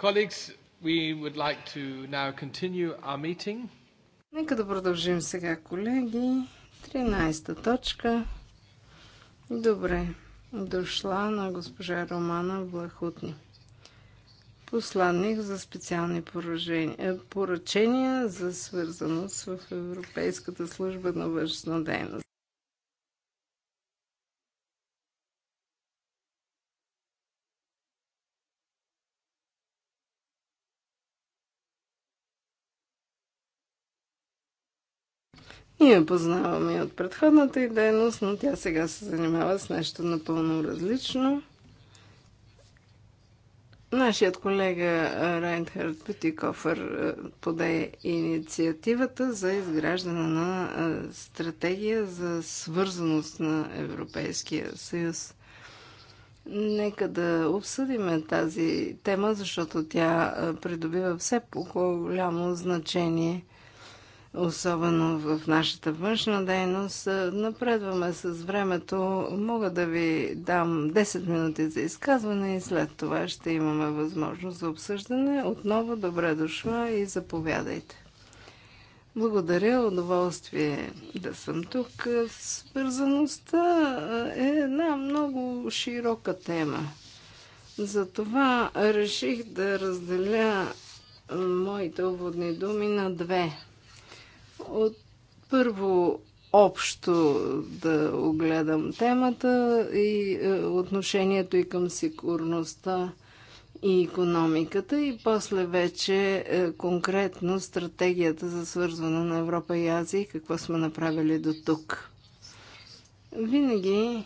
Colleagues, we would like to now continue our meeting. Нека да продължим сега, колеги. 13-та точка. Добре. Дошла на госпожа Романа Блахутни. Посланник за специални е, поръчения за свързаност в Европейската служба на външна дейност. Ние познаваме и от предходната и дейност, но тя сега се занимава с нещо напълно различно. Нашият колега Райнхард Петикофър поде инициативата за изграждане на стратегия за свързаност на Европейския съюз. Нека да обсъдим тази тема, защото тя придобива все по-голямо значение – особено в нашата външна дейност. Напредваме с времето. Мога да ви дам 10 минути за изказване и след това ще имаме възможност за обсъждане. Отново добре дошла и заповядайте. Благодаря, удоволствие да съм тук. Свързаността е една много широка тема. Затова реших да разделя моите уводни думи на две – от първо общо да огледам темата и е, отношението и към сигурността и економиката и после вече е, конкретно стратегията за свързване на Европа и Азия и какво сме направили до тук. Винаги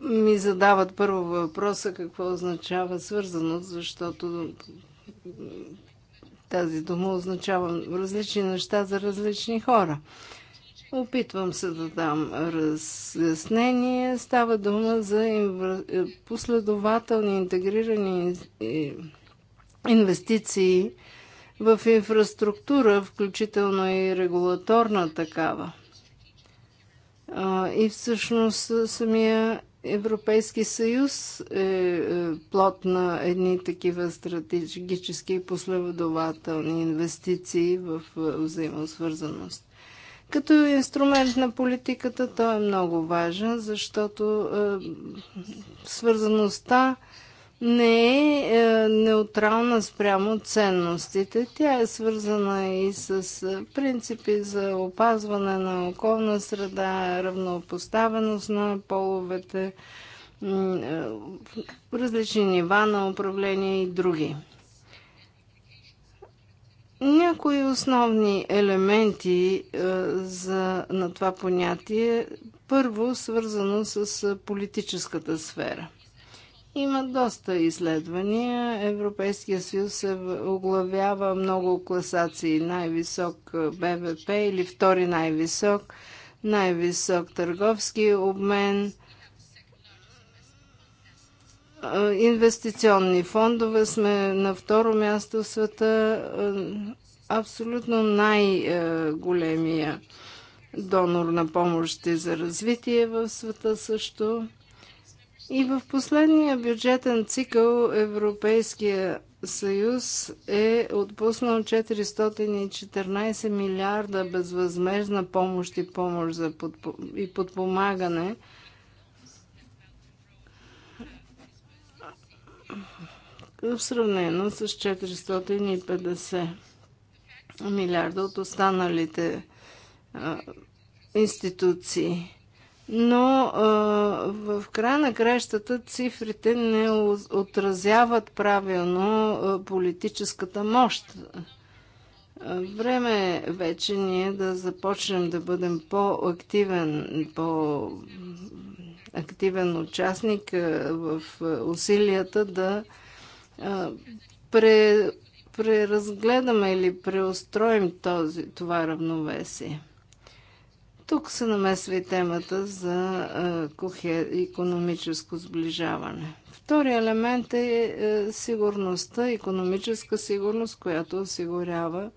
ми задават първо въпроса какво означава свързаност, защото тази дума означава различни неща за различни хора. Опитвам се да дам разяснение. Става дума за последователни интегрирани инвестиции в инфраструктура, включително и регулаторна такава. И всъщност самия Европейски съюз е, е плод на едни такива стратегически и последователни инвестиции в е, взаимосвързаност. Като инструмент на политиката той е много важен, защото е, свързаността не е, е неутрална спрямо ценностите. Тя е свързана и с е, принципи за опазване на околна среда, равнопоставеност на половете, е, различни нива на управление и други. Някои основни елементи за, на това понятие, първо свързано с политическата сфера – има доста изследвания. Европейския съюз се оглавява много класации. Най-висок БВП или втори най-висок, най-висок търговски обмен, инвестиционни фондове сме на второ място в света, абсолютно най-големия донор на помощи за развитие в света също. И в последния бюджетен цикъл Европейския съюз е отпуснал 414 милиарда безвъзмезна помощ и помощ за подпо... и подпомагане. В сравнено с 450 милиарда от останалите а, институции но а, в края на кращата цифрите не отразяват правилно а, политическата мощ. Време време вече ние да започнем да бъдем по-активен, по-активен участник в усилията да пре, преразгледаме или преустроим този, това равновесие. Тук се намесва и темата за економическо сближаване. Втори елемент е, е сигурността, економическа сигурност, която осигурява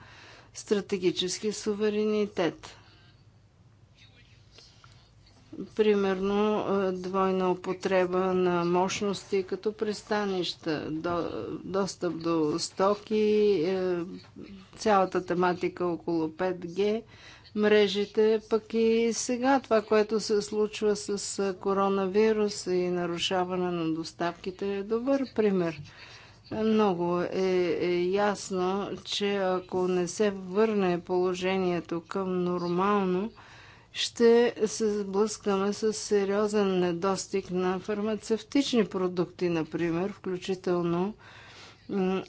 стратегически суверенитет. Примерно двойна употреба на мощности като пристанища, достъп до стоки, е, цялата тематика около 5G – мрежите, пък и сега това, което се случва с коронавирус и нарушаване на доставките е добър пример. Много е, е ясно, че ако не се върне положението към нормално, ще се сблъскаме с сериозен недостиг на фармацевтични продукти, например, включително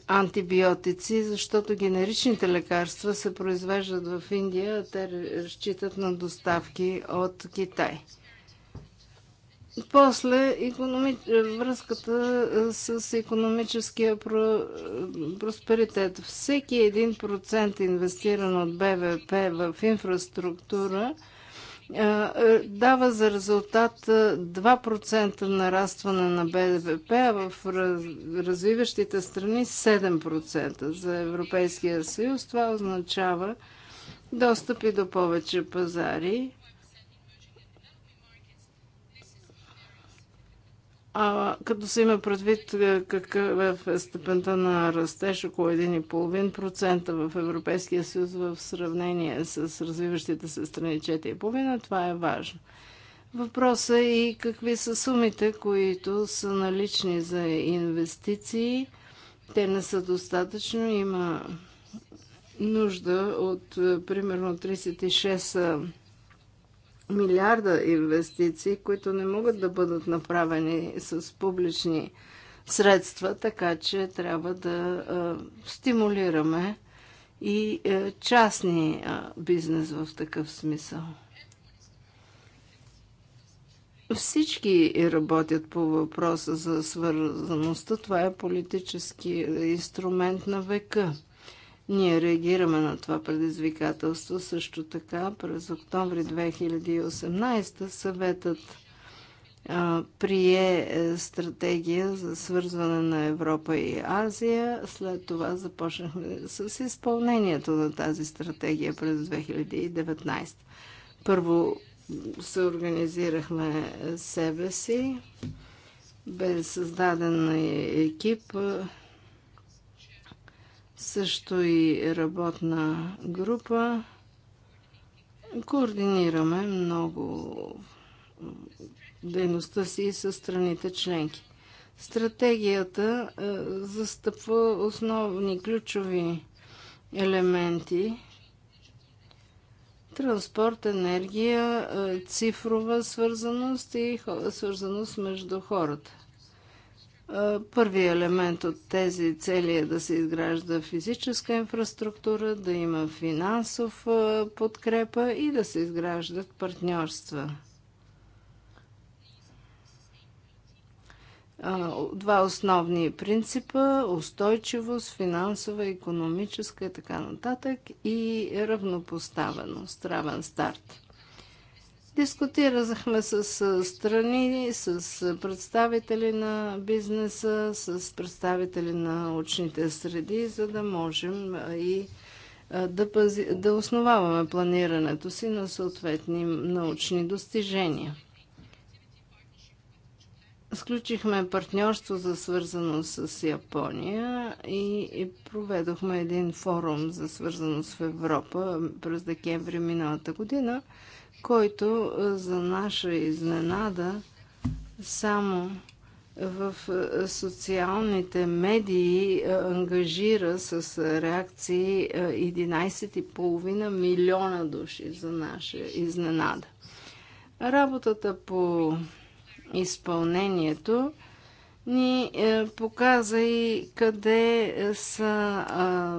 антибиотици, защото генеричните лекарства се произвеждат в Индия, а те разчитат на доставки от Китай. После економи... връзката с економическия про... просперитет. Всеки 1% инвестиран от БВП в инфраструктура – е, дава за резултат 2% е, нарастване на БДВП, а в развиващите страни 7%. За Европейския съюз това означава достъпи до повече пазари А като се има предвид е, какъв е, е степента на растеж около 1,5% в Европейския съюз в сравнение с развиващите се страни 4,5%, това е важно. Въпросът е и какви са сумите, които са налични за инвестиции. Те не са достатъчно. Има нужда от е, примерно 36 милиарда инвестиции, които не могат да бъдат направени с публични средства, така че трябва да стимулираме и частни бизнес в такъв смисъл. Всички работят по въпроса за свързаността. Това е политически инструмент на века. Ние реагираме на това предизвикателство. Също така през октомври 2018 съветът прие е, стратегия за свързване на Европа и Азия. След това започнахме с изпълнението на тази стратегия през 2019. Първо се организирахме себе си. Бе създаден екип също и работна група. Координираме много дейността си с страните членки. Стратегията е, застъпва основни ключови елементи транспорт, енергия, е, цифрова свързаност и свързаност между хората. Първият елемент от тези цели е да се изгражда физическа инфраструктура, да има финансов подкрепа и да се изграждат партньорства. Два основни принципа устойчивост, финансова, економическа и така нататък и равнопоставеност, равен старт. Дискутирахме с страни, с представители на бизнеса, с представители на учните среди, за да можем и да, пази, да основаваме планирането си на съответни научни достижения. Сключихме партньорство за свързано с Япония и, и проведохме един форум за свързано в Европа през декември миналата година – който е, за наша изненада само в е, социалните медии е, ангажира с реакции 11,5 милиона души за наша изненада. Работата по изпълнението ни е, показа и къде е, са а,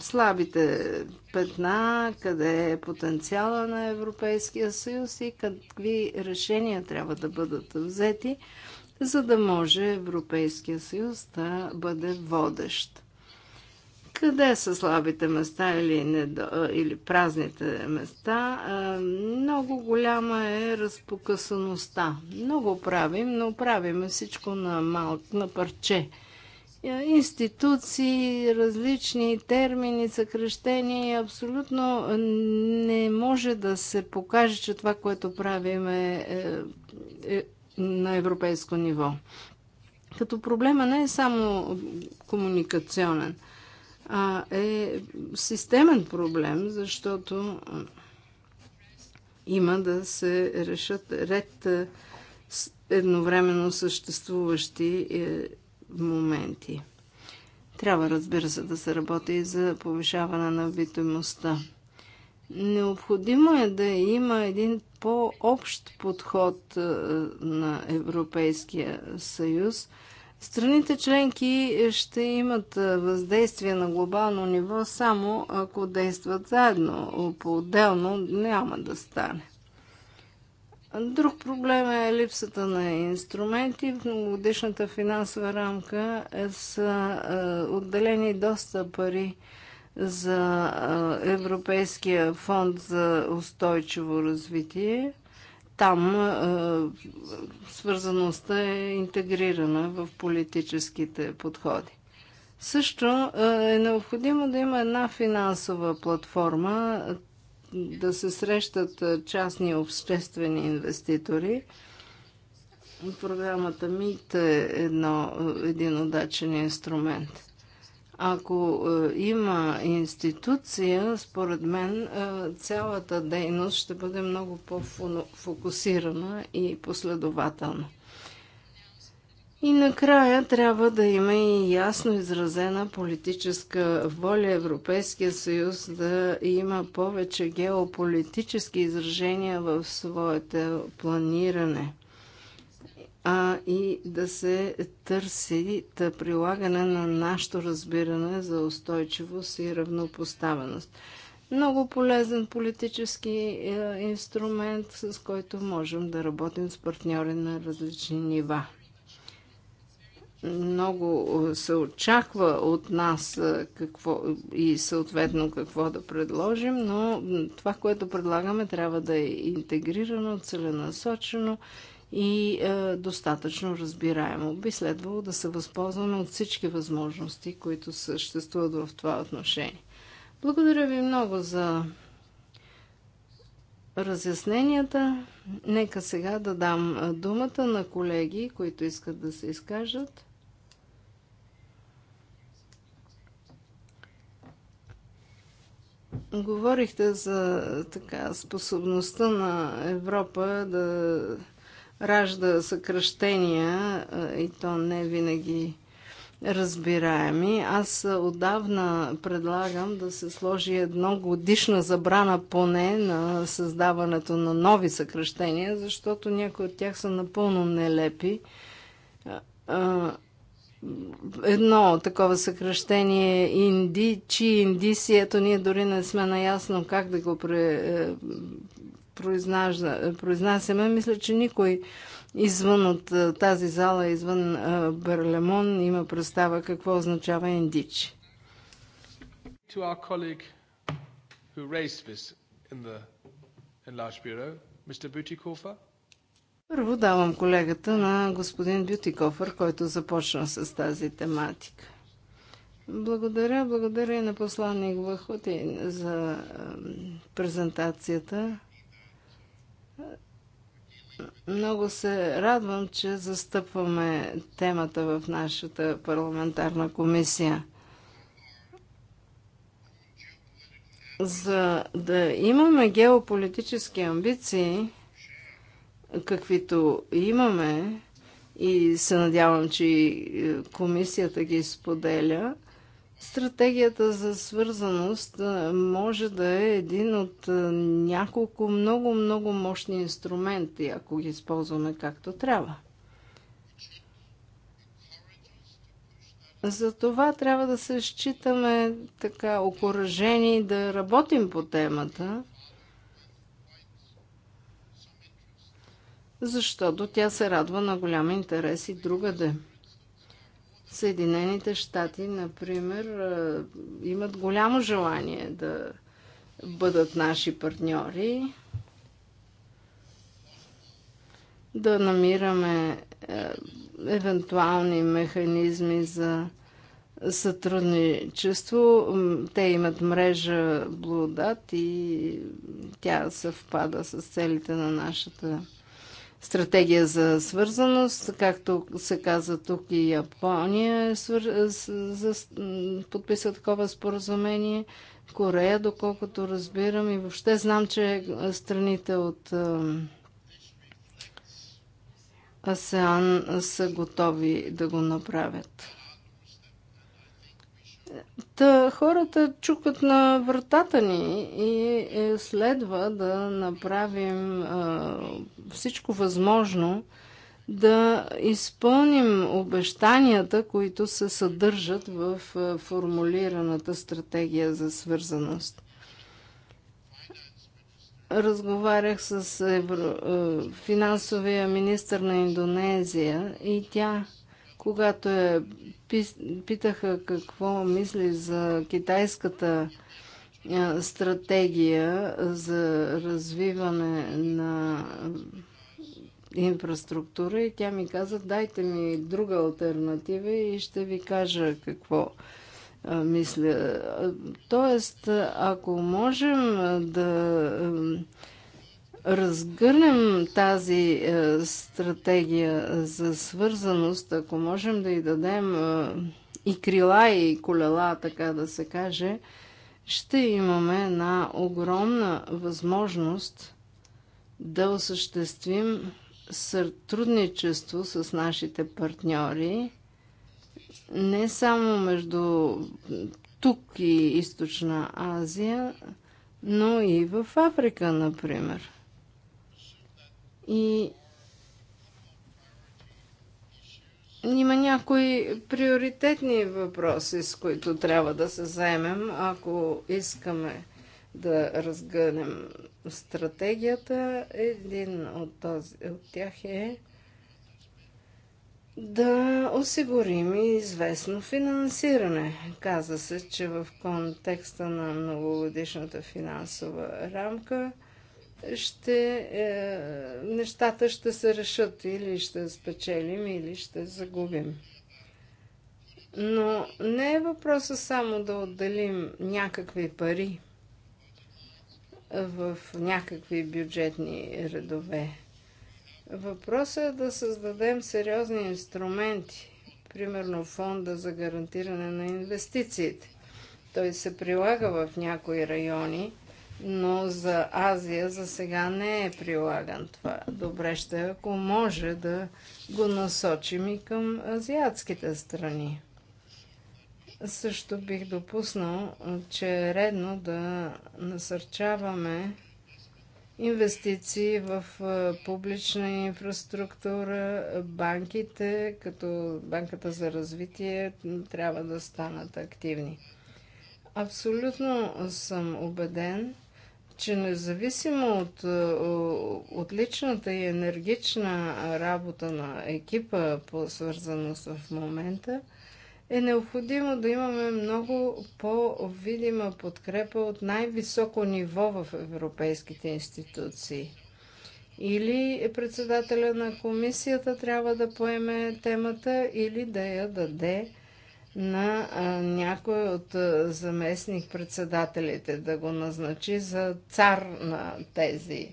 слабите петна, къде е потенциала на Европейския съюз и какви решения трябва да бъдат взети, за да може Европейския съюз да бъде водещ къде са слабите места или, недо... или празните места, много голяма е разпокъсаността. Много правим, но правим всичко на, мал... на парче. Институции, различни термини, съкръщения, абсолютно не може да се покаже, че това, което правим е, е, е на европейско ниво. Като проблема не е само комуникационен – а е системен проблем, защото има да се решат ред едновременно съществуващи е, моменти. Трябва, разбира се, да се работи и за повишаване на видимостта. Необходимо е да има един по-общ подход на Европейския съюз – Страните членки ще имат въздействие на глобално ниво само ако действат заедно. По-отделно няма да стане. Друг проблем е липсата на инструменти. В многогодишната финансова рамка са отделени доста пари за Европейския фонд за устойчиво развитие там е, свързаността е интегрирана в политическите подходи. Също е необходимо да има една финансова платформа, да се срещат частни обществени инвеститори. Програмата МИТ е едно, един удачен инструмент. Ако е, има институция, според мен е, цялата дейност ще бъде много по-фокусирана и последователна. И накрая трябва да има и ясно изразена политическа воля Европейския съюз да има повече геополитически изражения в своето планиране а и да се търси да прилагане на нашето разбиране за устойчивост и равнопоставеност. Много полезен политически е, инструмент, с който можем да работим с партньори на различни нива много е, се очаква от нас е, какво, и съответно какво да предложим, но това, което предлагаме, трябва да е интегрирано, целенасочено и е, достатъчно разбираемо. Би следвало да се възползваме от всички възможности, които съществуват в това отношение. Благодаря ви много за разясненията. Нека сега да дам е, думата на колеги, които искат да се изкажат. Говорихте за така способността на Европа да ражда съкръщения и то не винаги разбираеми. Аз отдавна предлагам да се сложи едно годишна забрана поне на създаването на нови съкръщения, защото някои от тях са напълно нелепи. Едно такова съкръщение е инди, чи индиси, ето ние дори не сме наясно как да го пре, е, произнасяме, мисля, че никой извън от тази зала, извън Берлемон, има представа какво означава индичи. Първо давам колегата на господин Бютикофър, който започна с тази тематика. Благодаря, благодаря и на посланник Вахутин за презентацията. Много се радвам, че застъпваме темата в нашата парламентарна комисия. За да имаме геополитически амбиции, каквито имаме, и се надявам, че комисията ги споделя, Стратегията за свързаност може да е един от няколко много-много мощни инструменти, ако ги използваме както трябва. За това трябва да се считаме така окоръжени да работим по темата, защото тя се радва на голям интерес и другаде. Да. Съединените щати, например, имат голямо желание да бъдат наши партньори, да намираме евентуални механизми за сътрудничество. Те имат мрежа Блудат и тя съвпада с целите на нашата стратегия за свързаност, както се каза тук и Япония е свър... за... подписа такова споразумение, Корея, доколкото разбирам и въобще знам, че страните от АСЕАН са готови да го направят. Та хората чукат на вратата ни и е, следва да направим а, всичко възможно да изпълним обещанията, които се съдържат в формулираната стратегия за свързаност. Разговарях с евро... финансовия министр на Индонезия и тя когато е, питаха какво мисли за китайската стратегия за развиване на инфраструктура и тя ми каза, дайте ми друга альтернатива и ще ви кажа какво мисля. Тоест, ако можем да разгърнем тази е, стратегия за свързаност, ако можем да й дадем е, и крила, и колела, така да се каже, ще имаме една огромна възможност да осъществим сътрудничество с нашите партньори, не само между тук и Източна Азия, но и в Африка, например. И има някои приоритетни въпроси, с които трябва да се заемем, ако искаме да разгънем стратегията. Един от, този, от тях е да осигурим известно финансиране. Каза се, че в контекста на многогодишната финансова рамка – ще, е, нещата ще се решат или ще спечелим, или ще загубим. Но не е въпроса само да отделим някакви пари в някакви бюджетни редове. Въпросът е да създадем сериозни инструменти, примерно фонда за гарантиране на инвестициите. Той се прилага в някои райони – но за Азия за сега не е прилаган това. Добре ще, ако може да го насочим и към азиатските страни. Също бих допуснал, че е редно да насърчаваме инвестиции в публична инфраструктура, банките, като Банката за развитие, трябва да станат активни. Абсолютно съм убеден, че независимо е, от личната и енергична работа на екипа по свързаност в момента, е необходимо да имаме много по-видима подкрепа от най-високо ниво в европейските институции. Или председателя на комисията трябва да поеме темата, или да я даде на някой от заместник-председателите да го назначи за цар на тези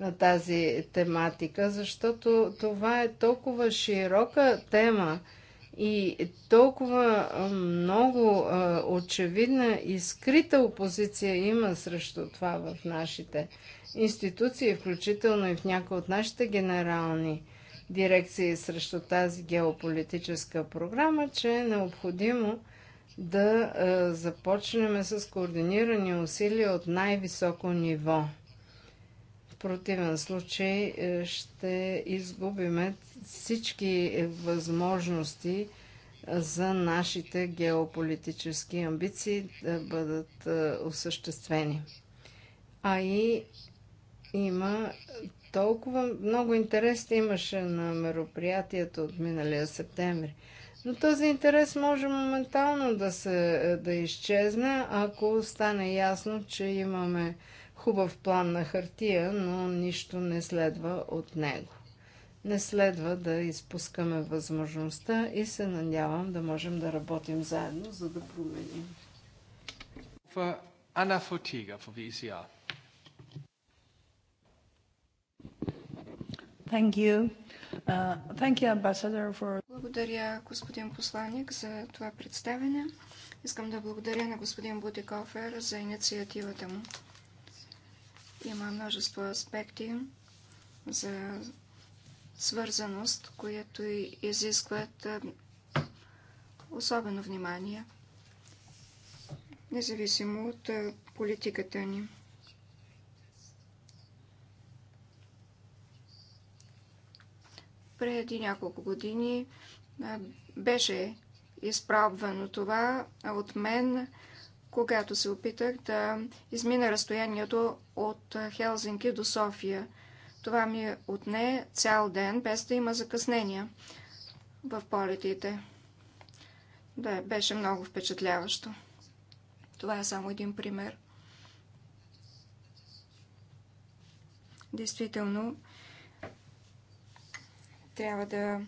на тази тематика, защото това е толкова широка тема и толкова много очевидна и скрита опозиция има срещу това в нашите институции, включително и в някои от нашите генерални дирекции срещу тази геополитическа програма, че е необходимо да е, започнем с координирани усилия от най-високо ниво. В противен случай е, ще изгубиме всички възможности е, за нашите геополитически амбиции да бъдат осъществени. А и има толкова много интерес имаше на мероприятието от миналия септември. Но този интерес може моментално да, се, да изчезне, ако стане ясно, че имаме хубав план на хартия, но нищо не следва от него. Не следва да изпускаме възможността и се надявам да можем да работим заедно, за да променим. Ана Фотига, for Uh, благодаря, господин посланник, за това представене. Искам да благодаря на господин Бутикофер за инициативата му. Има множество аспекти за свързаност, които изискват особено внимание, независимо от политиката ни. Преди няколко години беше изправвано това от мен, когато се опитах да измина разстоянието от Хелзинки до София. Това ми отне цял ден, без да има закъснения в полетите. Да, беше много впечатляващо. Това е само един пример. Действително, трябва да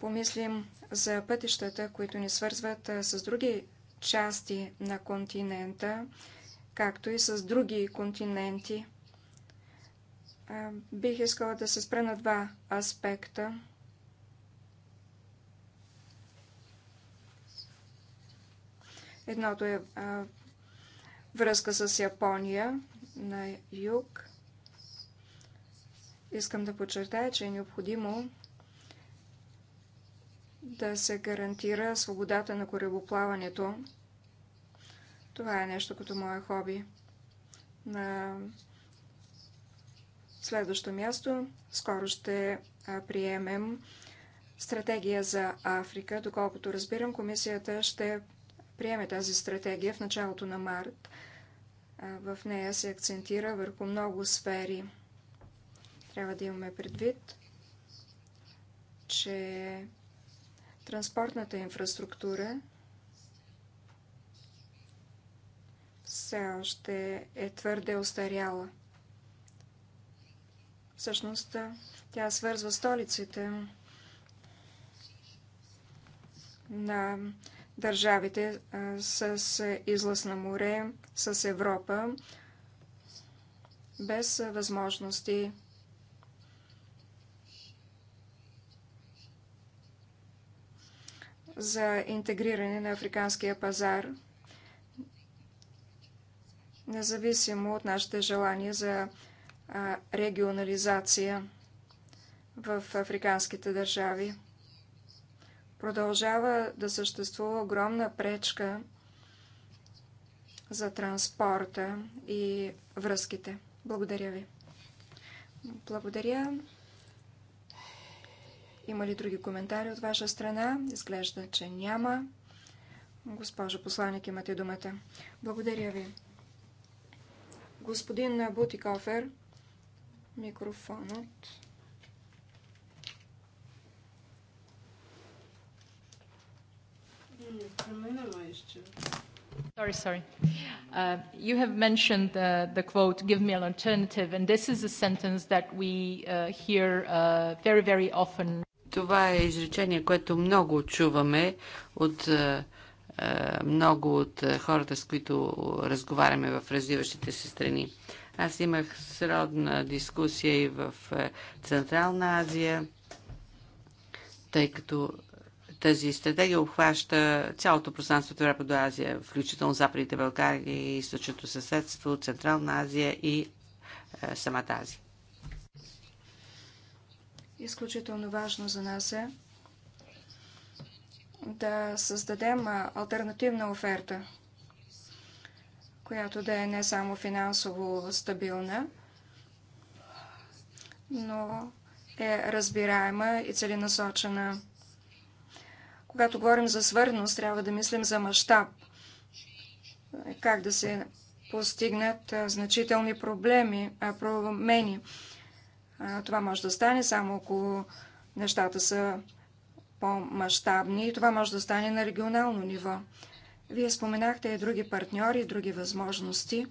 помислим за пътищата, които ни свързват с други части на континента, както и с други континенти. Бих искала да се спра на два аспекта. Едното е връзка с Япония на юг. Искам да подчертая, че е необходимо да се гарантира свободата на корабоплаването. Това е нещо като мое хоби. На следващо място скоро ще приемем стратегия за Африка. Доколкото разбирам, комисията ще приеме тази стратегия в началото на март. В нея се акцентира върху много сфери. Трябва да имаме предвид, че Транспортната инфраструктура все още е твърде остаряла. Всъщност, тя свързва столиците на държавите с излъз на море, с Европа, без възможности за интегриране на африканския пазар, независимо от нашите желания за регионализация в африканските държави. Продължава да съществува огромна пречка за транспорта и връзките. Благодаря ви. Благодаря. Има ли други коментари от ваша страна? Изглежда, че няма. Госпожо посланник, имате думата. Благодаря ви. Господин Бутикофер, микрофонът. Sorry, sorry. Uh, you have mentioned uh, the quote, give me an alternative, and this is a sentence that we uh, hear uh, very, very often. Това е изречение, което много чуваме от е, е, много от хората, с които разговаряме в развиващите се страни. Аз имах сродна дискусия и в е, Централна Азия, тъй като тази стратегия обхваща цялото пространство от Европа до Азия, включително Западните Балкани, източното съседство, Централна Азия и самата Азия. Изключително важно за нас е да създадем альтернативна оферта, която да е не само финансово стабилна, но е разбираема и целенасочена. Когато говорим за свърност, трябва да мислим за мащаб. Как да се постигнат значителни проблеми, промени. Това може да стане само ако нещата са по-масштабни и това може да стане на регионално ниво. Вие споменахте и други партньори, и други възможности.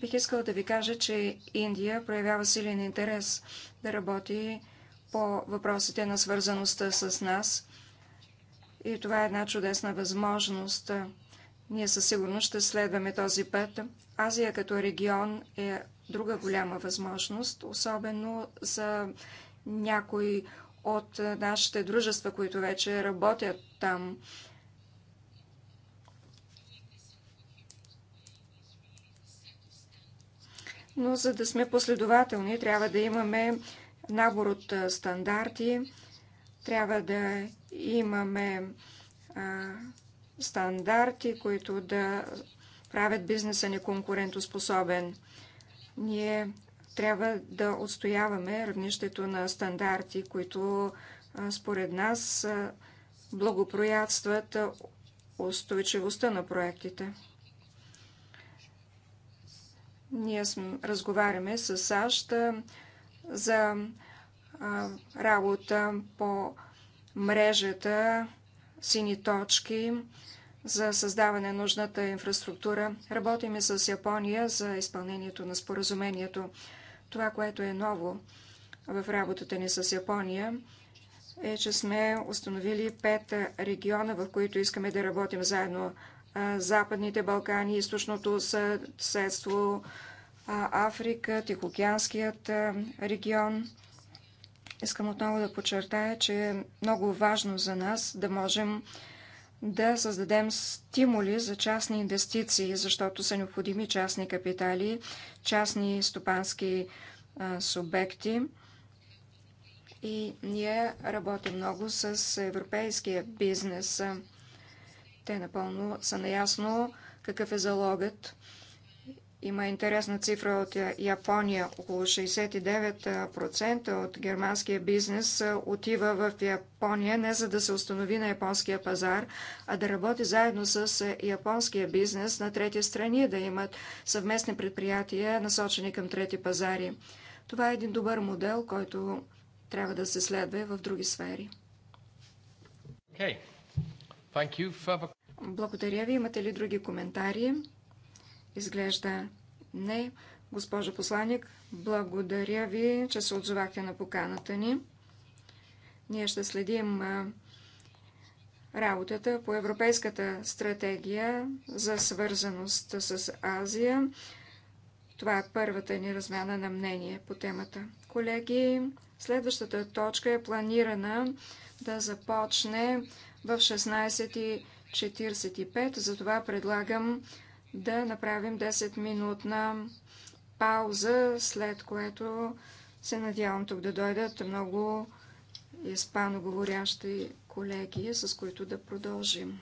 Бих искала да ви кажа, че Индия проявява силен интерес да работи по въпросите на свързаността с нас. И това е една чудесна възможност. Ние със сигурност ще следваме този път. Азия като регион е друга голяма възможност, особено за някои от нашите дружества, които вече работят там. Но за да сме последователни, трябва да имаме набор от стандарти, трябва да имаме а, стандарти, които да правят бизнеса неконкурентоспособен. Ние трябва да отстояваме равнището на стандарти, които според нас благоприятстват устойчивостта на проектите. Ние разговаряме с САЩ за работа по мрежата сини точки за създаване на нужната инфраструктура. Работим и с Япония за изпълнението на споразумението. Това, което е ново в работата ни с Япония, е, че сме установили пет региона, в които искаме да работим заедно. Западните Балкани, източното съседство, Африка, Тихоокеанският регион. Искам отново да подчертая, че е много важно за нас да можем да създадем стимули за частни инвестиции, защото са необходими частни капитали, частни стопански субекти. И ние работим много с европейския бизнес. Те напълно са наясно какъв е залогът има интересна цифра от Япония. Около 69% от германския бизнес отива в Япония не за да се установи на японския пазар, а да работи заедно с японския бизнес на трети страни, да имат съвместни предприятия, насочени към трети пазари. Това е един добър модел, който трябва да се следва и в други сфери. Okay. Благодаря ви. Имате ли други коментари? Изглежда не. Госпожо посланник, благодаря ви, че се отзовахте на поканата ни. Ние ще следим работата по Европейската стратегия за свързаност с Азия. Това е първата ни размяна на мнение по темата. Колеги, следващата точка е планирана да започне в 16.45, затова предлагам да направим 10-минутна пауза, след което се надявам тук да дойдат много испаноговорящи колеги, с които да продължим.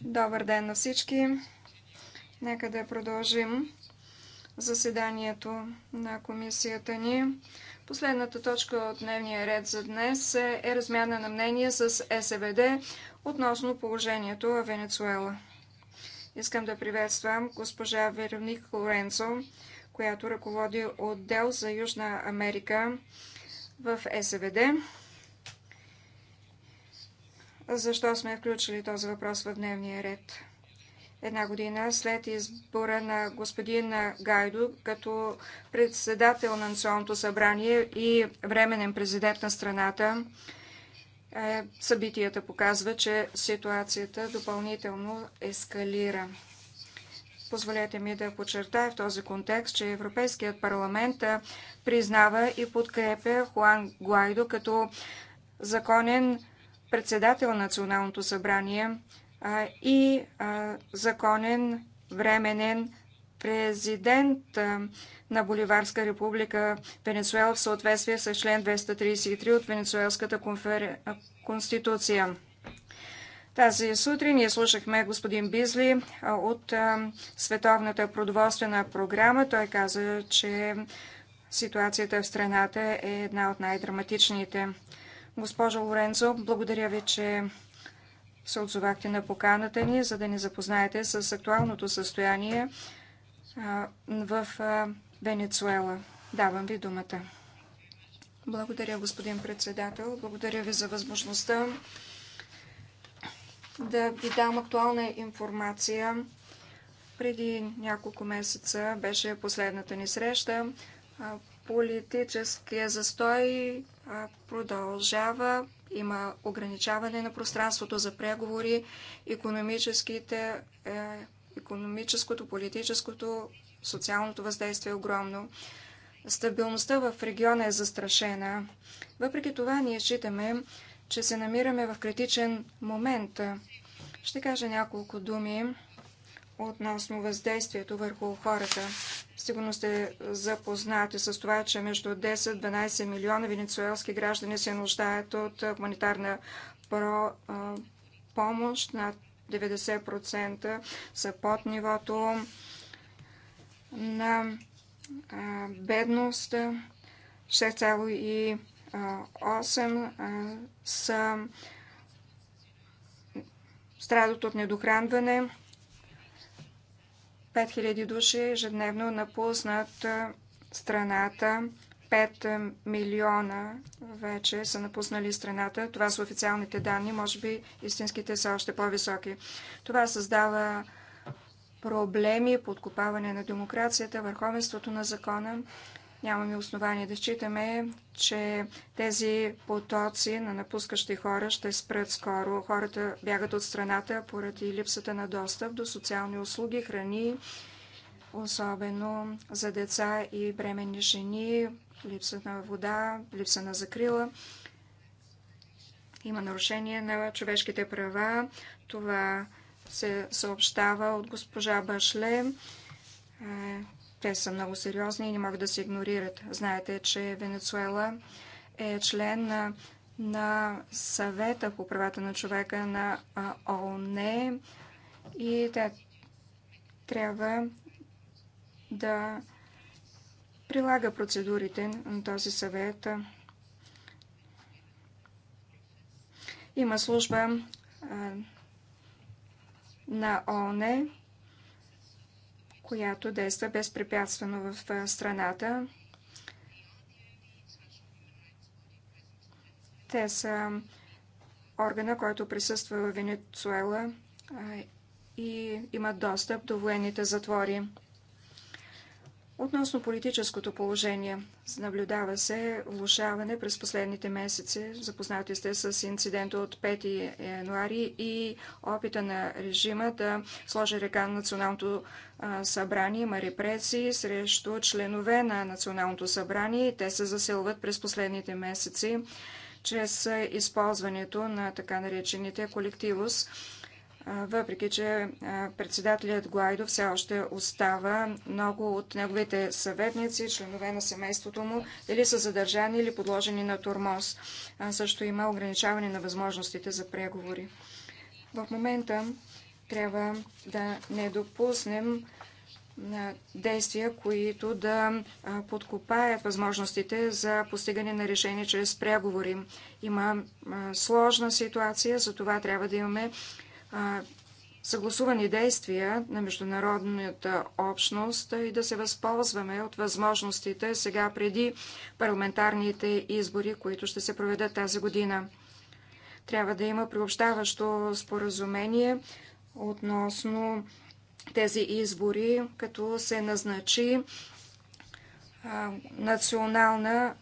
Добър ден на всички. Нека да продължим заседанието на комисията ни. Последната точка от дневния ред за днес е, е размяна на мнение с СВД относно положението в Венецуела. Искам да приветствам госпожа Вероник Лоренцо, която ръководи отдел за Южна Америка в СВД. Защо сме включили този въпрос в дневния ред? Една година след избора на господин Гайдо като председател на Националното събрание и временен президент на страната, е, събитията показва, че ситуацията допълнително ескалира. Позволете ми да подчертая в този контекст, че Европейският парламент признава и подкрепя Хуан Гуайдо като законен председател на Националното събрание и законен временен президент на Боливарска република Венесуела в съответствие с член 233 от Венецуелската конфер... конституция. Тази сутрин ние слушахме господин Бизли от Световната продоволствена програма. Той каза, че ситуацията в страната е една от най-драматичните. Госпожо Лоренцо, благодаря ви, че се отзовахте на поканата ни, за да ни запознаете с актуалното състояние в Венецуела. Давам ви думата. Благодаря, господин председател. Благодаря ви за възможността да ви дам актуална информация. Преди няколко месеца беше последната ни среща. Политическия застой продължава. Има ограничаване на пространството за преговори. Економическите е, Економическото, политическото, социалното въздействие е огромно. Стабилността в региона е застрашена. Въпреки това ние считаме, че се намираме в критичен момент. Ще кажа няколко думи относно въздействието върху хората. Сигурно сте запознати с това, че между 10-12 милиона венецуелски граждани се нуждаят от хуманитарна помощ. Над 90% са под нивото на бедност. 6,8 са страдат от недохранване. 5000 души ежедневно напуснат страната. 5 милиона вече са напуснали страната. Това са официалните данни, може би истинските са още по-високи. Това създава проблеми, подкопаване на демокрацията, върховенството на закона. Нямаме основание да считаме, че тези потоци на напускащи хора ще спрат скоро. Хората бягат от страната поради липсата на достъп до социални услуги, храни, особено за деца и бременни жени, липса на вода, липса на закрила. Има нарушение на човешките права. Това се съобщава от госпожа Башле. Е, те са много сериозни и не могат да се игнорират. Знаете, че Венецуела е член на, на съвета по правата на човека на ООН и те трябва да прилага процедурите на този съвет. Има служба на ООН, която действа безпрепятствено в страната. Те са органа, който присъства в Венецуела и имат достъп до военните затвори. Относно политическото положение, наблюдава се влушаване през последните месеци. Запознати сте с инцидента от 5 януари и опита на режима да сложи река на Националното събрание. Има репресии срещу членове на Националното събрание. Те се засилват през последните месеци чрез използването на така наречените колективус – въпреки че председателят Гуайдо все още остава. Много от неговите съветници, членове на семейството му, или са задържани, или подложени на турмоз. Също има ограничаване на възможностите за преговори. В момента трябва да не допуснем действия, които да подкопаят възможностите за постигане на решение чрез преговори. Има сложна ситуация, за това трябва да имаме съгласувани действия на международната общност и да се възползваме от възможностите сега преди парламентарните избори, които ще се проведат тази година. Трябва да има приобщаващо споразумение относно тези избори, като се назначи национална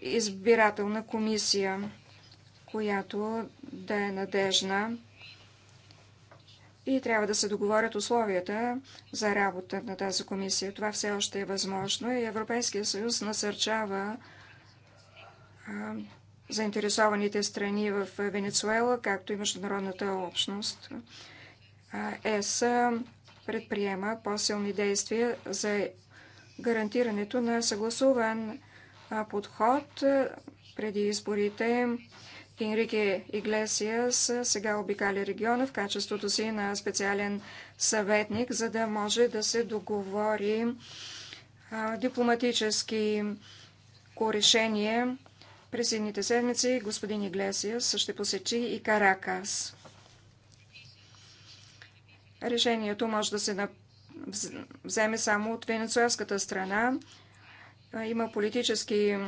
избирателна комисия, която да е надежна и трябва да се договорят условията за работа на тази комисия. Това все още е възможно и Европейския съюз насърчава заинтересованите страни в Венецуела, както и международната общност. ЕС предприема по-силни действия за гарантирането на съгласуван подход преди изборите Енрике Иглесиас сега обикаля региона в качеството си на специален съветник, за да може да се договори дипломатически решение. През едните седмици господин Иглесиас ще посечи и Каракас. Решението може да се вземе само от венецуелската страна. Има политически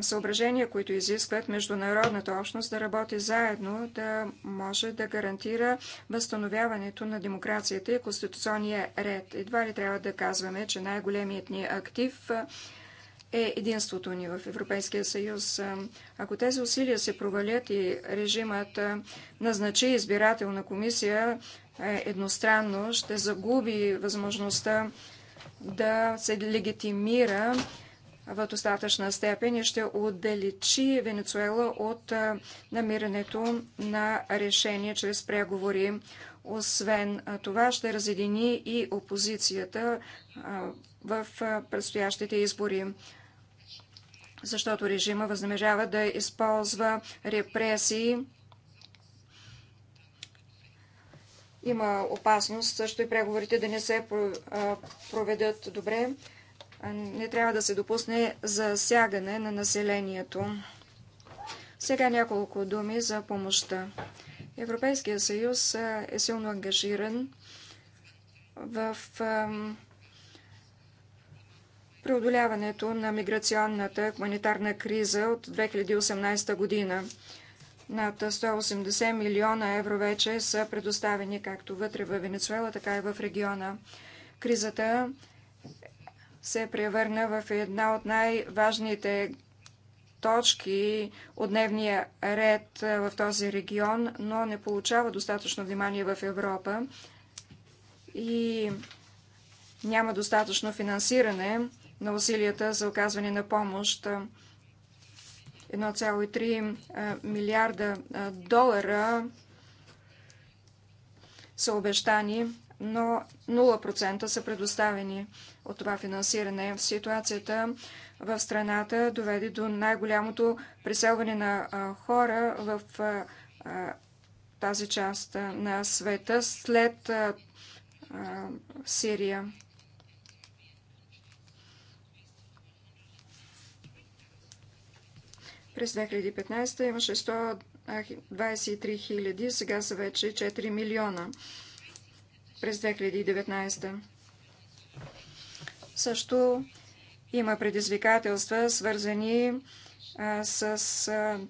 съображения, които изискват международната общност да работи заедно, да може да гарантира възстановяването на демокрацията и конституционния ред. Едва ли трябва да казваме, че най-големият ни актив е единството ни в Европейския съюз. Ако тези усилия се провалят и режимът назначи избирателна комисия едностранно, ще загуби възможността да се легитимира в достатъчна степен и ще отдалечи Венецуела от намирането на решение чрез преговори. Освен това ще разедини и опозицията в предстоящите избори защото режима възнамежава да използва репресии. Има опасност също и преговорите да не се проведат добре не трябва да се допусне засягане на населението. Сега няколко думи за помощта. Европейския съюз е силно ангажиран в преодоляването на миграционната хуманитарна криза от 2018 година. Над 180 милиона евро вече са предоставени както вътре в Венецуела, така и в региона. Кризата се превърна в една от най-важните точки от дневния ред в този регион, но не получава достатъчно внимание в Европа и няма достатъчно финансиране на усилията за оказване на помощ. 1,3 милиарда долара са обещани но 0% са предоставени от това финансиране. Ситуацията в страната доведе до най-голямото преселване на хора в тази част на света след Сирия. През 2015 имаше 123 хиляди, сега са вече 4 милиона през 2019. Също има предизвикателства, свързани а, с а,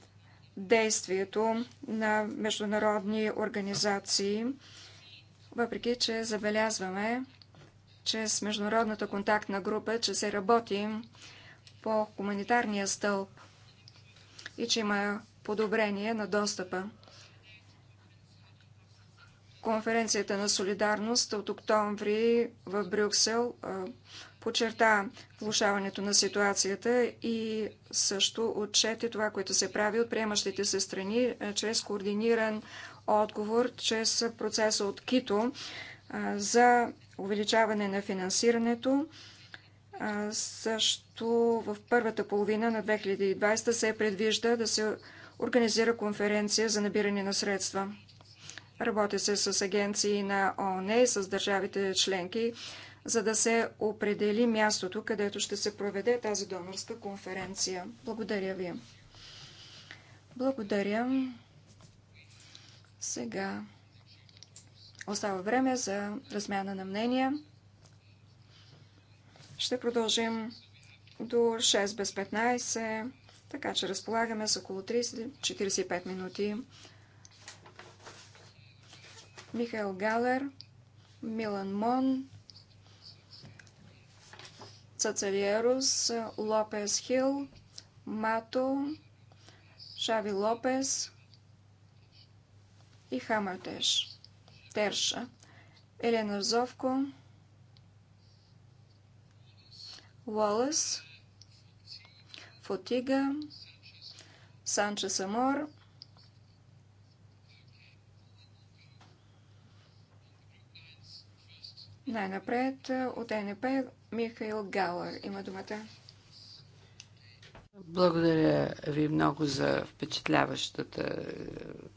действието на международни организации, въпреки че забелязваме, че с международната контактна група, че се работи по хуманитарния стълб и че има подобрение на достъпа конференцията на солидарност от октомври в Брюксел подчерта влушаването на ситуацията и също отчете това, което се прави от приемащите се страни чрез координиран отговор, чрез процеса от Кито за увеличаване на финансирането. Също в първата половина на 2020 се предвижда да се организира конференция за набиране на средства. Работи се с агенции на ООН и с държавите членки, за да се определи мястото, където ще се проведе тази донорска конференция. Благодаря ви. Благодаря. Сега остава време за размяна на мнения. Ще продължим до 6 без 15, така че разполагаме с около 30-45 минути. Михаил Галер, Милан Мон, Цацариерус, Лопес Хил, Мато, Шави Лопес и Хамартеш. Терша. Елена Зовко, Уолъс, Фотига, Санчес Амор, Най-напред е, от ЕНП Михаил Галър има думата. Благодаря ви много за впечатляващата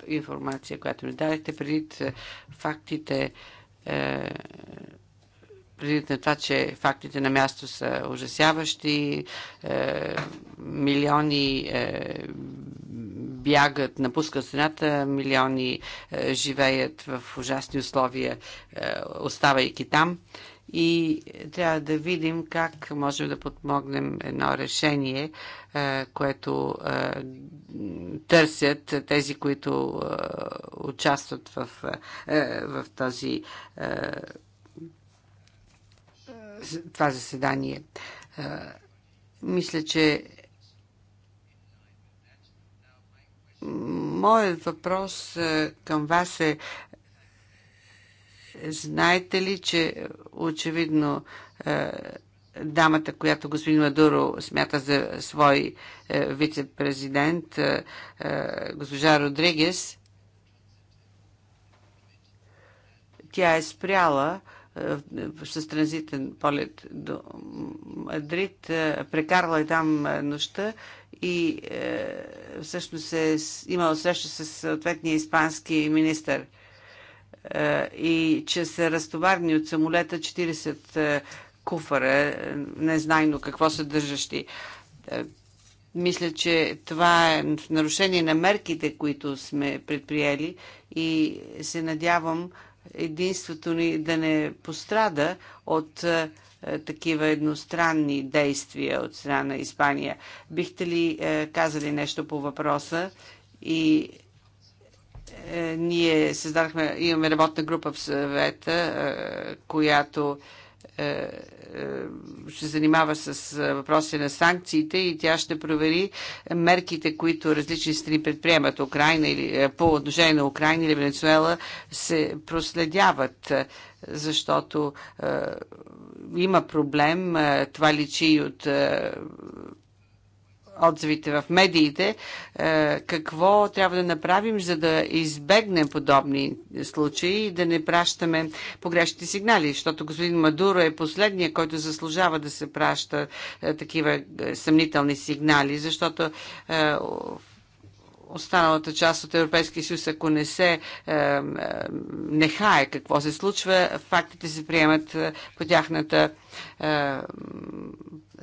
е, информация, която ми дадете. Преди е, фактите, преди на това, че фактите на място са ужасяващи, милиони бягат, напускат страната, милиони е, живеят в ужасни условия, е, оставайки там. И трябва да видим как можем да подмогнем едно решение, е, което търсят тези, които участват в, в този това заседание. Мисля, че Моят въпрос е, към вас е знаете ли, че очевидно е, дамата, която господин Мадуро смята за свой е, вице-президент, госпожа Родригес, тя е спряла е, с транзитен полет до Мадрид. Е, прекарала е там е, нощта и всъщност е имала среща с съответния испански министр. И че са разтоварни от самолета 40 куфара, незнайно какво съдържащи. Мисля, че това е в нарушение на мерките, които сме предприели и се надявам единството ни да не пострада от е, такива едностранни действия от страна на Испания. Бихте ли е, казали нещо по въпроса и е, ние създадахме, имаме работна група в съвета, която е, е, ще занимава с е, въпроси на санкциите и тя ще провери мерките, които различни страни предприемат Украина или, по отношение на Украина или Венецуела се проследяват, защото има проблем. Това личи и от отзивите в медиите, е, какво трябва да направим, за да избегнем подобни случаи и да не пращаме погрешните сигнали, защото господин Мадуро е последния, който заслужава да се праща е, такива е, съмнителни сигнали, защото в останалата част от Европейския съюз, ако не се е, е нехае какво се случва, фактите се приемат е, по тяхната е,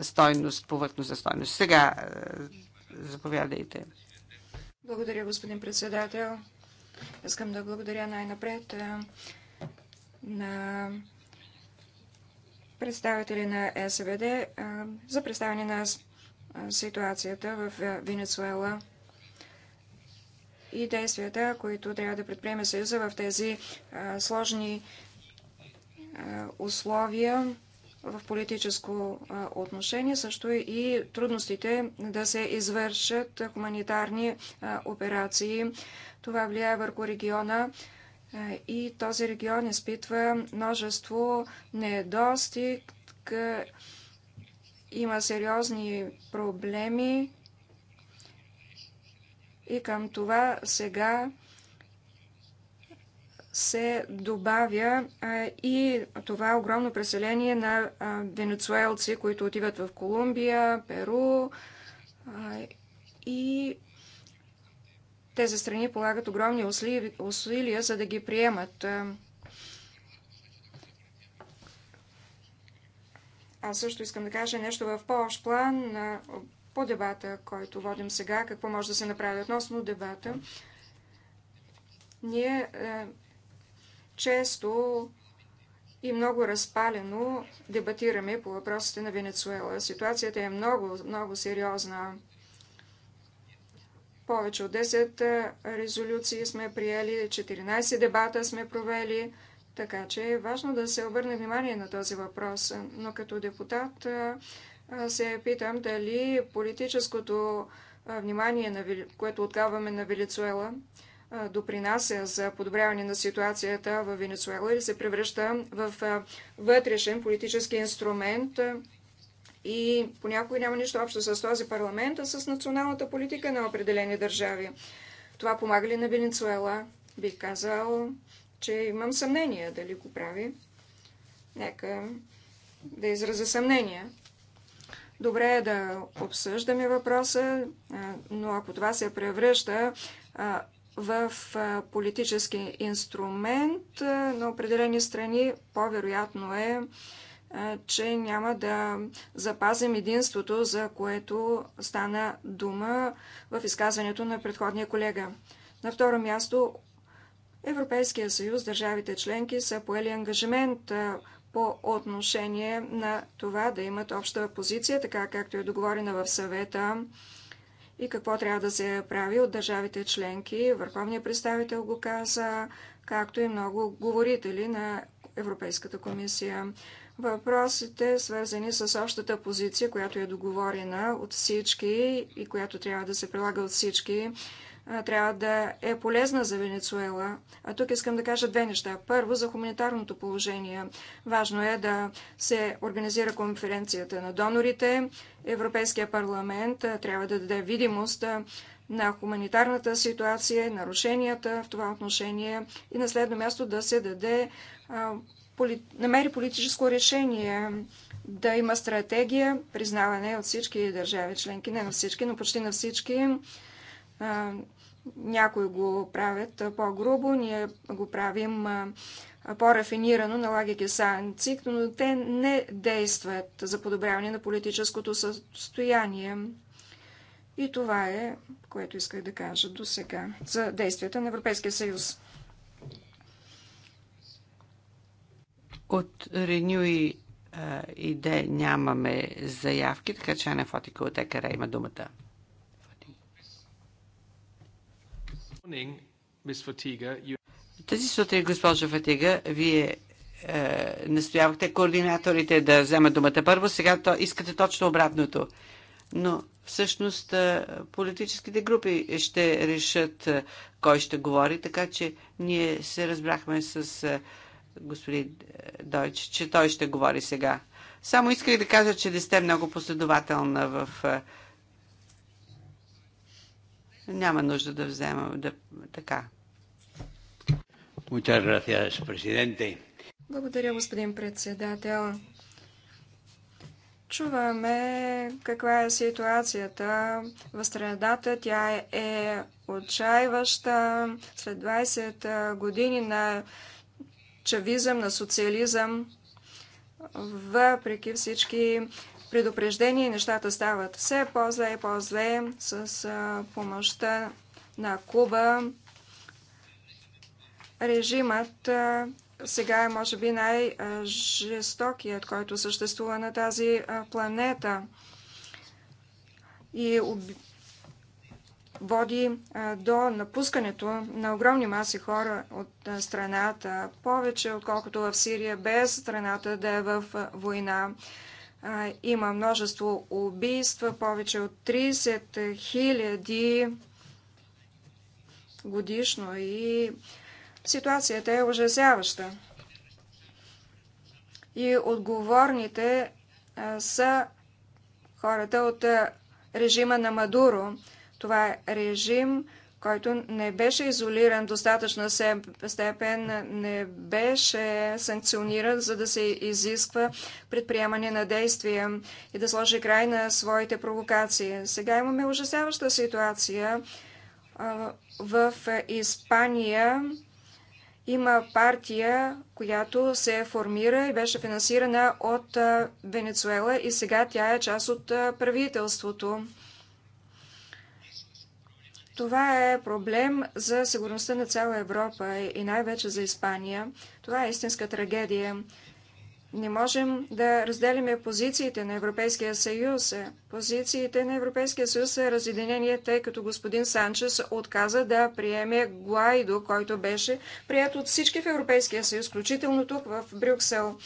стойност, за стойност. Сега е, заповядайте. Благодаря, господин председател. Искам да благодаря най-напред е, на представители на СВД за представяне на ситуацията в Венецуела и действията, които трябва да предприеме Съюза в тези сложни условия в политическо отношение, също и трудностите да се извършат хуманитарни операции. Това влияе върху региона и този регион изпитва множество недостиг, има сериозни проблеми и към това сега се добавя и това огромно преселение на венецуелци, които отиват в Колумбия, Перу и тези страни полагат огромни усилия, за да ги приемат. Аз също искам да кажа нещо в по-общ план по дебата, който водим сега, какво може да се направи относно дебата, ние е, често и много разпалено дебатираме по въпросите на Венецуела. Ситуацията е много, много сериозна. Повече от 10 е, резолюции сме приели, 14 дебата сме провели, така че е важно да се обърне внимание на този въпрос. Но като депутат е, се питам дали политическото внимание, което отгаваме на Венецуела, допринася за подобряване на ситуацията в Венецуела или се превръща в вътрешен политически инструмент и понякога няма нищо общо с този парламент, а с националната политика на определени държави. Това помага ли на Венецуела? Бих казал, че имам съмнение дали го прави. Нека да изразя съмнение. Добре е да обсъждаме въпроса, но ако това се превръща в политически инструмент на определени страни, по-вероятно е, че няма да запазим единството, за което стана дума в изказването на предходния колега. На второ място, Европейския съюз, държавите членки са поели ангажимент по отношение на това да имат обща позиция, така както е договорена в съвета и какво трябва да се прави от държавите членки. Върховният представител го каза, както и много говорители на Европейската комисия. Въпросите, свързани с общата позиция, която е договорена от всички и която трябва да се прилага от всички, трябва да е полезна за Венецуела. А тук искам да кажа две неща. Първо, за хуманитарното положение. Важно е да се организира конференцията на донорите. Европейския парламент трябва да даде видимост на хуманитарната ситуация, нарушенията в това отношение и на следно място да се даде намери политическо решение да има стратегия, признаване от всички държави членки, не на всички, но почти на всички, някои го правят по-грубо, ние го правим по-рафинирано, налагайки санкции, но те не действат за подобряване на политическото състояние. И това е, което исках да кажа до сега за действията на Европейския съюз. От Ренюи и иде нямаме заявки, така че Аня Фотика от ЕКР има думата. Тази сутрин, госпожа Фатига, вие е, настоявахте координаторите да вземат думата първо, сега то, искате точно обратното. Но всъщност е, политическите групи ще решат е, кой ще говори, така че ние се разбрахме с е, господин Дойч, че той ще говори сега. Само исках да кажа, че не сте много последователна в няма нужда да взема да, така. Благодаря, господин председател. Чуваме каква е ситуацията в страдата. Тя е отчаиваща след 20 години на чавизъм, на социализъм. Въпреки всички предупреждение нещата стават все по-зле и по-зле с помощта на Куба. Режимът сега е може би най-жестокият, който съществува на тази планета и води до напускането на огромни маси хора от страната, повече отколкото в Сирия, без страната да е в война има множество убийства, повече от 30 хиляди годишно и ситуацията е ужасяваща. И отговорните са хората от режима на Мадуро. Това е режим, който не беше изолиран достатъчна степен, не беше санкциониран, за да се изисква предприемане на действия и да сложи край на своите провокации. Сега имаме ужасяваща ситуация. В Испания има партия, която се формира и беше финансирана от Венецуела и сега тя е част от правителството. Това е проблем за сигурността на цяла Европа и най-вече за Испания. Това е истинска трагедия. Не можем да разделиме позициите на Европейския съюз. Позициите на Европейския съюз са разединение, тъй като господин Санчес отказа да приеме Гуайдо, който беше прият от всички в Европейския съюз, включително тук в Брюксел.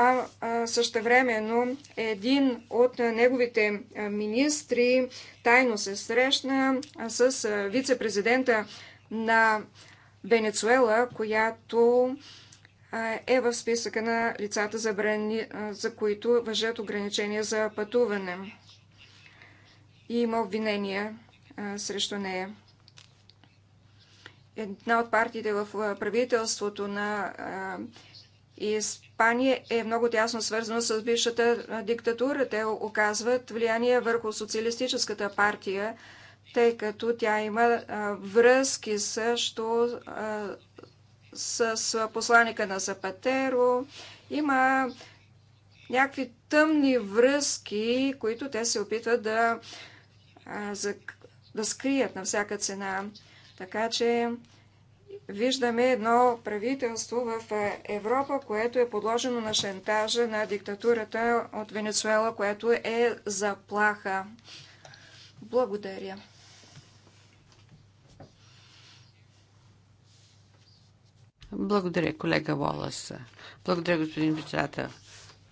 а, а същевременно един от неговите министри тайно се срещна с вице-президента на Венецуела, която е в списъка на лицата, за, брани, за които въжат ограничения за пътуване. И има обвинения срещу нея. Една от партиите в правителството на а, Испания е много тясно свързана с бившата диктатура. Те оказват влияние върху социалистическата партия, тъй като тя има връзки също с посланика на Запатеро. Има някакви тъмни връзки, които те се опитват да, да скрият на всяка цена. Така че виждаме едно правителство в Европа, което е подложено на шантажа на диктатурата от Венецуела, което е заплаха. Благодаря. Благодаря, колега Волас. Благодаря, господин председател.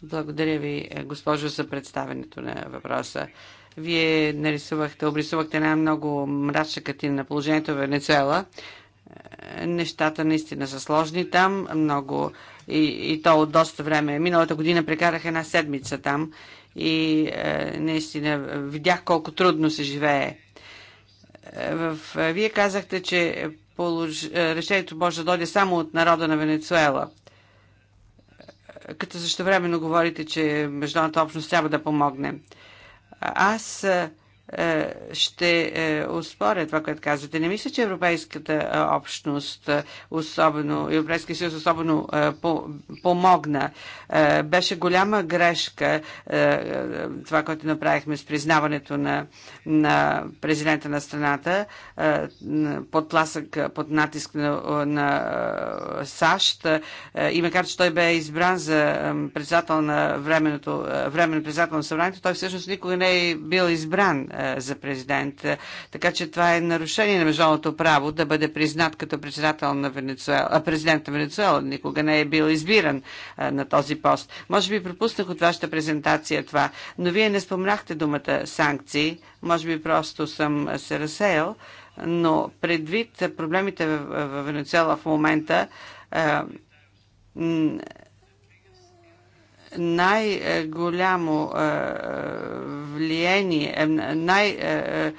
Благодаря ви, е, госпожо, за представенето на въпроса. Вие нарисувахте, обрисувахте една много мрачна картина на положението в Венецуела. Нещата наистина са сложни там, много и, и то от доста време. Миналата година прекарах една седмица там и е, наистина видях колко трудно се живее. Е, в, е, вие казахте, че полож... Е, решението може да дойде само от народа на Венецуела. Като също времено говорите, че международната общност трябва да помогне. Аз е, ще е, успоря това, което казвате. Не мисля, че Европейската е, общност, особено Европейския съюз, особено помогна. Беше голяма грешка това, което направихме с признаването на, на президента на страната под ласък, под натиск на, на САЩ. И макар, че той бе избран за председател на временното, временно председател на събранието, той всъщност никога не е бил избран е, за президент. Така че това е нарушение на международното право да бъде признат като председател на Венецуела, президент на Венецуела. Никога не е бил избиран е, на този пост. Може би пропуснах от вашата презентация това, но вие не спомнахте думата санкции. Може би просто съм се разсеял, но предвид проблемите в Венецуела в момента, е, най-голямо е, е, влияние, е, най-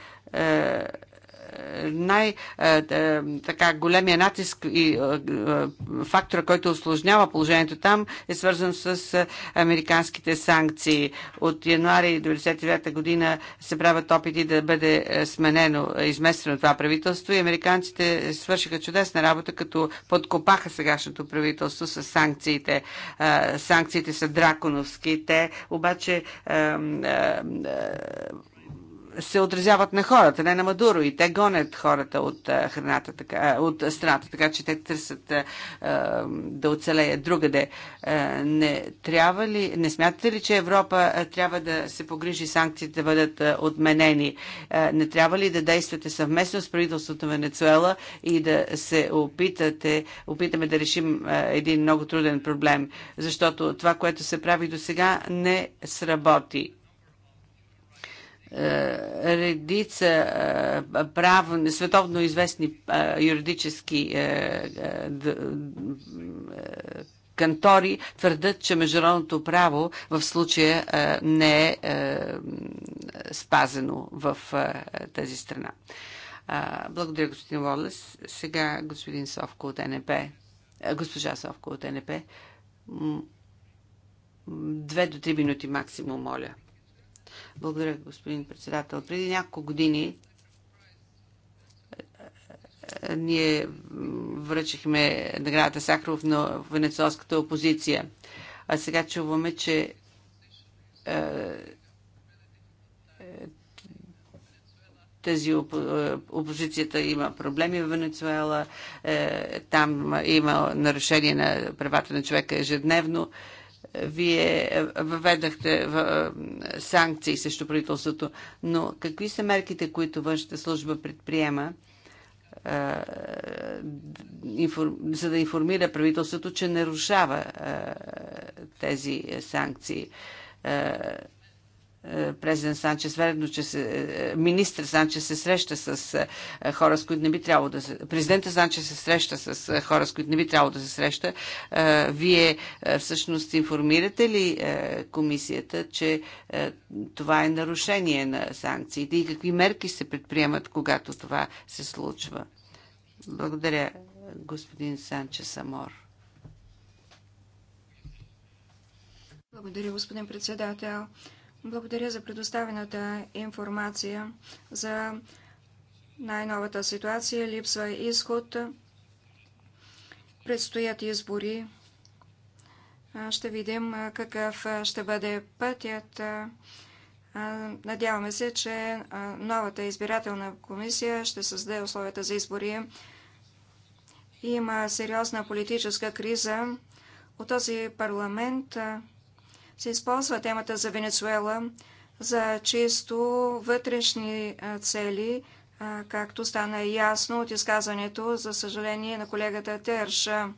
най-големия е, е, натиск и е, фактора, който осложнява положението там, е свързан с американските санкции. От януари 1999 година се правят опити да бъде сменено, изместено това правителство и американците свършиха чудесна работа, като подкопаха сегашното правителство с санкциите. Санкциите са драконовски. Те обаче се отразяват на хората, не на Мадуро. И те гонят хората от, храната, така, от страната, така че те търсят да оцелеят другаде. не, трябва ли, не смятате ли, че Европа трябва да се погрижи санкциите да бъдат отменени? не трябва ли да действате съвместно с правителството на Венецуела и да се опитате, опитаме да решим един много труден проблем? Защото това, което се прави до сега, не сработи е, редица е, прав, световно известни е, юридически кантори твърдат, че международното право в случая не е спазено в тази страна. Благодаря, господин Волес. Сега господин Совко от НП. Госпожа Совко от НП. Две до три минути максимум, моля. Благодаря, господин председател. Преди няколко години е, е, ние връчихме наградата Сахаров на венецуелската опозиция. А сега чуваме, че е, тази опозицията има проблеми в Венецуела, там има нарушение на правата на човека ежедневно вие въведахте санкции срещу правителството, но какви са мерките, които външната служба предприема, за да информира правителството, че нарушава тези санкции? Е, президент Санчес, верно, че се, е, министр Санчес се среща с е, хора, с които не би трябвало да се... Президента Санчес се среща с хора, с които не би трябвало да се среща. Вие всъщност информирате ли комисията, че това е нарушение на санкциите и какви мерки се предприемат, когато това се случва? Благодаря, господин Санчес Амор. Благодаря, господин председател. Благодаря за предоставената информация за най-новата ситуация. Липсва изход. Предстоят избори. Ще видим какъв ще бъде пътят. Надяваме се, че новата избирателна комисия ще създаде условията за избори. Има сериозна политическа криза. От този парламент се използва темата за Венецуела за чисто вътрешни цели, както стана ясно от изказването, за съжаление, на колегата Терша.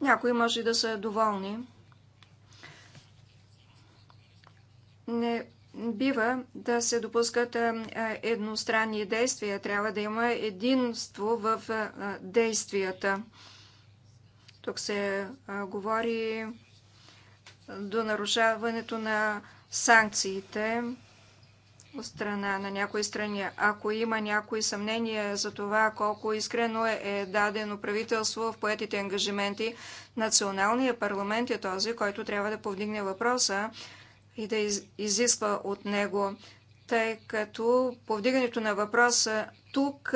Някои може да са доволни. Не бива да се допускат едностранни действия. Трябва да има единство в действията. Тук се говори до нарушаването на санкциите от страна на някои страни. Ако има някои съмнения за това колко искрено е, е дадено правителство в поетите ангажименти, националният парламент е този, който трябва да повдигне въпроса и да изисква от него, тъй като повдигането на въпроса тук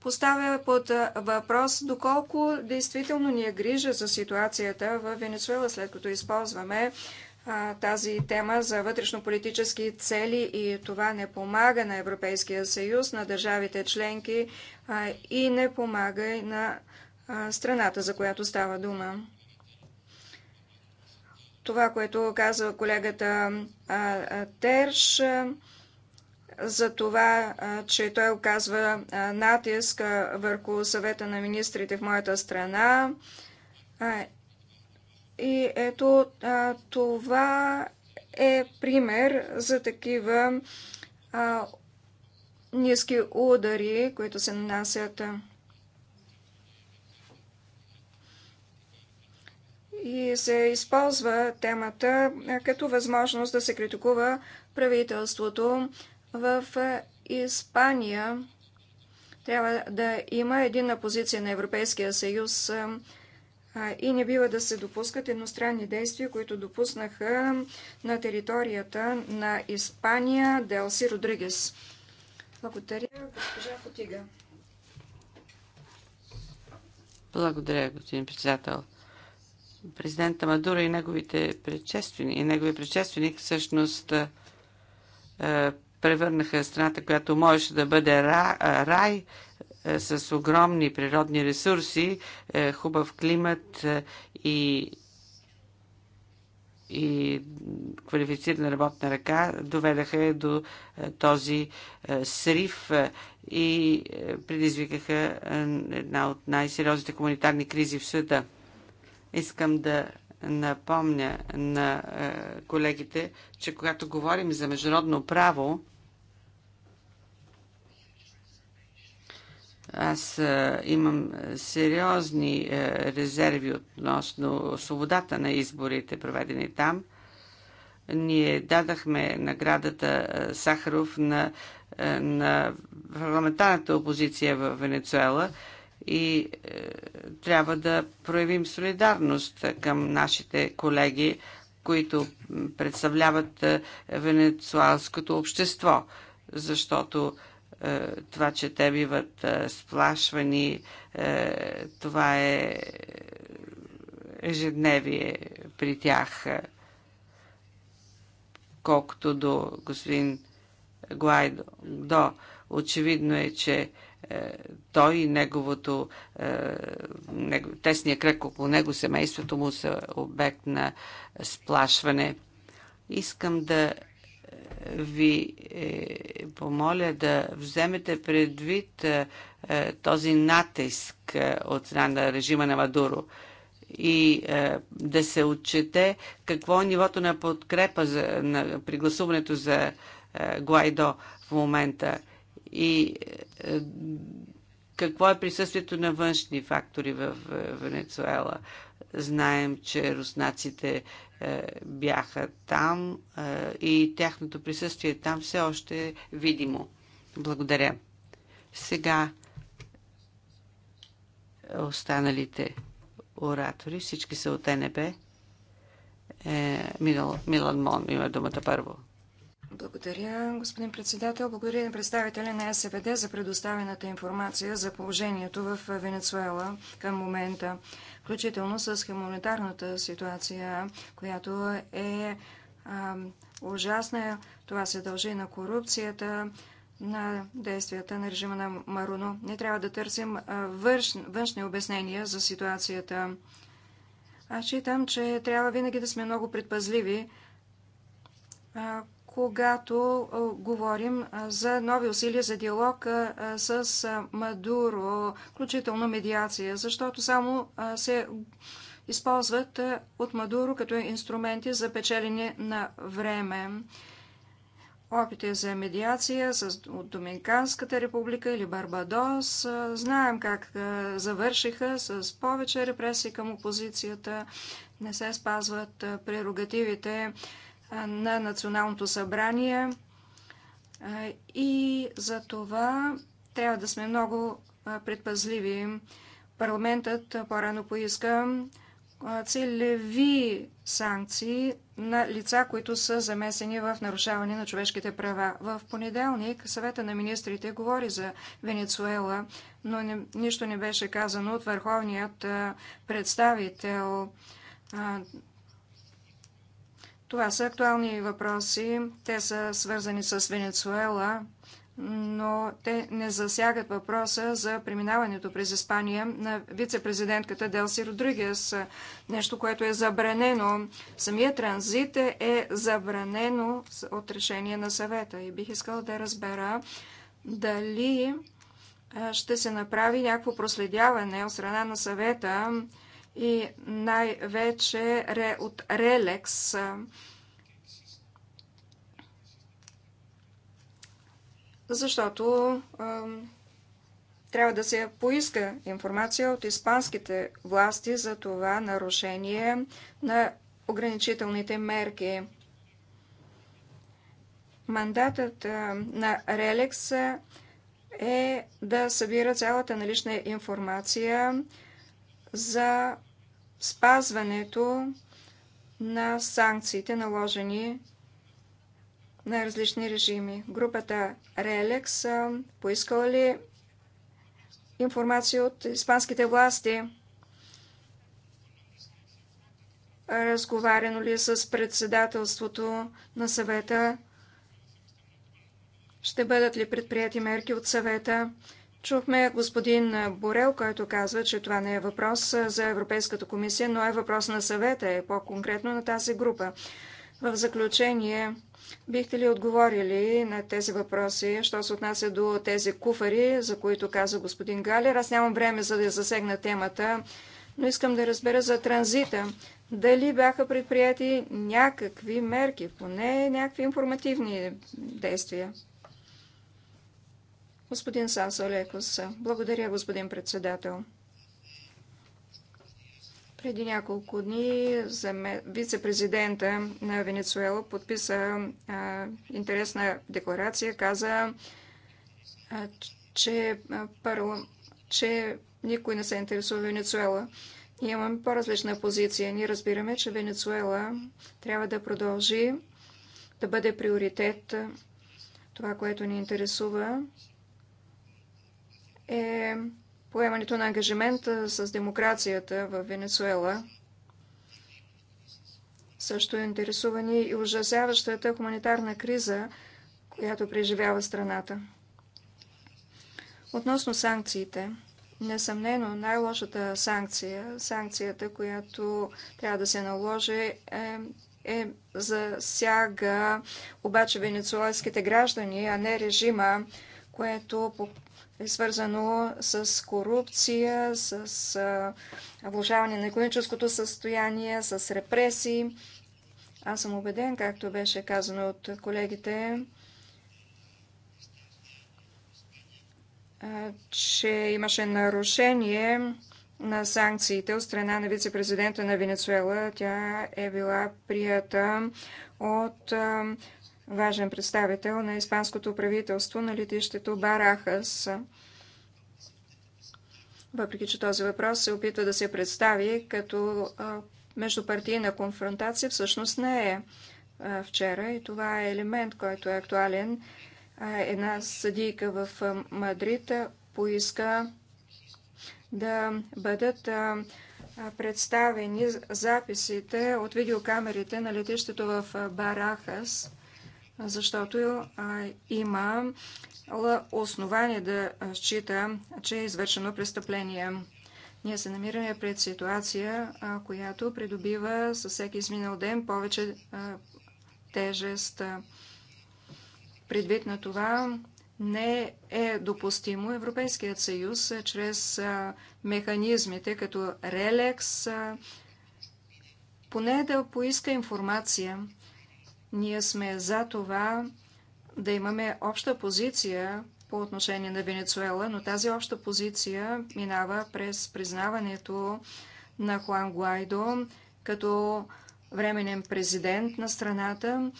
поставя под въпрос доколко действително ни е грижа за ситуацията в Венецуела, след като използваме тази тема за вътрешно-политически цели и това не помага на Европейския съюз, на държавите членки и не помага и на страната, за която става дума това, което казва колегата Терш, за това, че той оказва натиск върху съвета на министрите в моята страна. И ето това е пример за такива ниски удари, които се нанасят. и се използва темата е, като възможност да се критикува правителството в е, Испания. Трябва да има единна позиция на Европейския съюз е, и не бива да се допускат едностранни действия, които допуснаха на територията на Испания Делси Родригес. Благодаря, госпожа Фотига. Благодаря, господин председател президента Мадуро и неговите предшественици, негови предшественик всъщност е, е, превърнаха страната, която можеше да бъде е, рай, с огромни природни ресурси, хубав климат и, и квалифицирана работна ръка, доведаха до този срив и предизвикаха една от най-сериозните комунитарни кризи в света. Искам да напомня на е, колегите, че когато говорим за международно право, аз е, имам сериозни е, резерви относно свободата на изборите, проведени там. Ние дадахме наградата Сахаров на, на парламентарната опозиция в Венецуела – и е, трябва да проявим солидарност към нашите колеги, които представляват е, венецуалското общество, защото е, това, че те биват е, сплашвани, е, това е ежедневие при тях. Колкото до господин Гуайдо, очевидно е, че е, е, той и неговото, е, тесния кръг около него, семейството му са обект на сплашване. Искам да е, ви помоля да вземете предвид този натиск от страна на режима на Мадуро и да се отчете какво е нивото на подкрепа за, на, при гласуването за Гуайдо в момента и е, е, какво е присъствието на външни фактори в Венецуела. Знаем, че руснаците е, бяха там и тяхното присъствие там все още е видимо. Благодаря. Сега останалите оратори, всички са от Е, Милан Мон има думата първо. Благодаря, господин председател. Благодаря на представителя на СВД за предоставената информация за положението в Венецуела към момента, включително с хуманитарната ситуация, която е ужасна. Това се дължи на корупцията, на действията на режима на Маруно. Не трябва да търсим външни, външни обяснения за ситуацията. Аз считам, че трябва винаги да сме много предпазливи, когато говорим за нови усилия за диалог с Мадуро, включително медиация, защото само се използват от Мадуро като инструменти за печелене на време. Опите за медиация с, от Доминиканската република или Барбадос. Знаем как завършиха с повече репресии към опозицията. Не се спазват прерогативите на Националното събрание и за това трябва да сме много предпазливи. Парламентът по-рано поиска целеви санкции на лица, които са замесени в нарушаване на човешките права. В понеделник съвета на министрите говори за Венецуела, но не, нищо не беше казано от върховният представител. Това са актуални въпроси. Те са свързани с Венецуела, но те не засягат въпроса за преминаването през Испания на вице-президентката Делси Родригес. Нещо, което е забранено. Самия транзит е забранено от решение на съвета. И бих искала да разбера дали ще се направи някакво проследяване от страна на съвета и най-вече от Релекс. Защото трябва да се поиска информация от испанските власти за това нарушение на ограничителните мерки. Мандатът на Релекс е да събира цялата налична информация за спазването на санкциите, наложени на различни режими. Групата Релекс поискала ли информация от испанските власти? Разговаряно ли е с председателството на съвета? Ще бъдат ли предприяти мерки от съвета? Чухме господин Борел, който казва, че това не е въпрос за Европейската комисия, но е въпрос на съвета, е по-конкретно на тази група. В заключение, бихте ли отговорили на тези въпроси, що се отнася до тези куфари, за които каза господин Галер? Аз нямам време за да засегна темата, но искам да разбера за транзита. Дали бяха предприяти някакви мерки, поне някакви информативни действия? Господин Сансо Лекос, благодаря, господин председател. Преди няколко дни вице-президента на Венецуела подписа а, интересна декларация. Каза, а, че, а, че никой не се интересува Венецуела. Ние имаме по-различна позиция. Ние разбираме, че Венецуела трябва да продължи да бъде приоритет. Това, което ни интересува, е поемането на ангажимента с демокрацията в Венецуела. Също е интересувани и ужасяващата хуманитарна криза, която преживява страната. Относно санкциите, несъмнено най-лошата санкция, санкцията, която трябва да се наложи, е, е засяга обаче венецуелските граждани, а не режима, което е свързано с корупция, с влушаване на економическото състояние, с репресии. Аз съм убеден, както беше казано от колегите, че имаше нарушение на санкциите от страна на вице-президента на Венецуела. Тя е била прията от важен представител на испанското правителство на летището Барахас. Въпреки, че този въпрос се опитва да се представи като междупартийна конфронтация, всъщност не е вчера и това е елемент, който е актуален. Една съдийка в Мадрид поиска да бъдат представени записите от видеокамерите на летището в Барахас защото има основание да счита, че е извършено престъпление. Ние се намираме пред ситуация, която придобива със всеки изминал ден повече тежест. Предвид на това, не е допустимо Европейският съюз чрез механизмите като Релекс поне да поиска информация ние сме за това да имаме обща позиция по отношение на Венецуела, но тази обща позиция минава през признаването на Хуан Гуайдо като временен президент на страната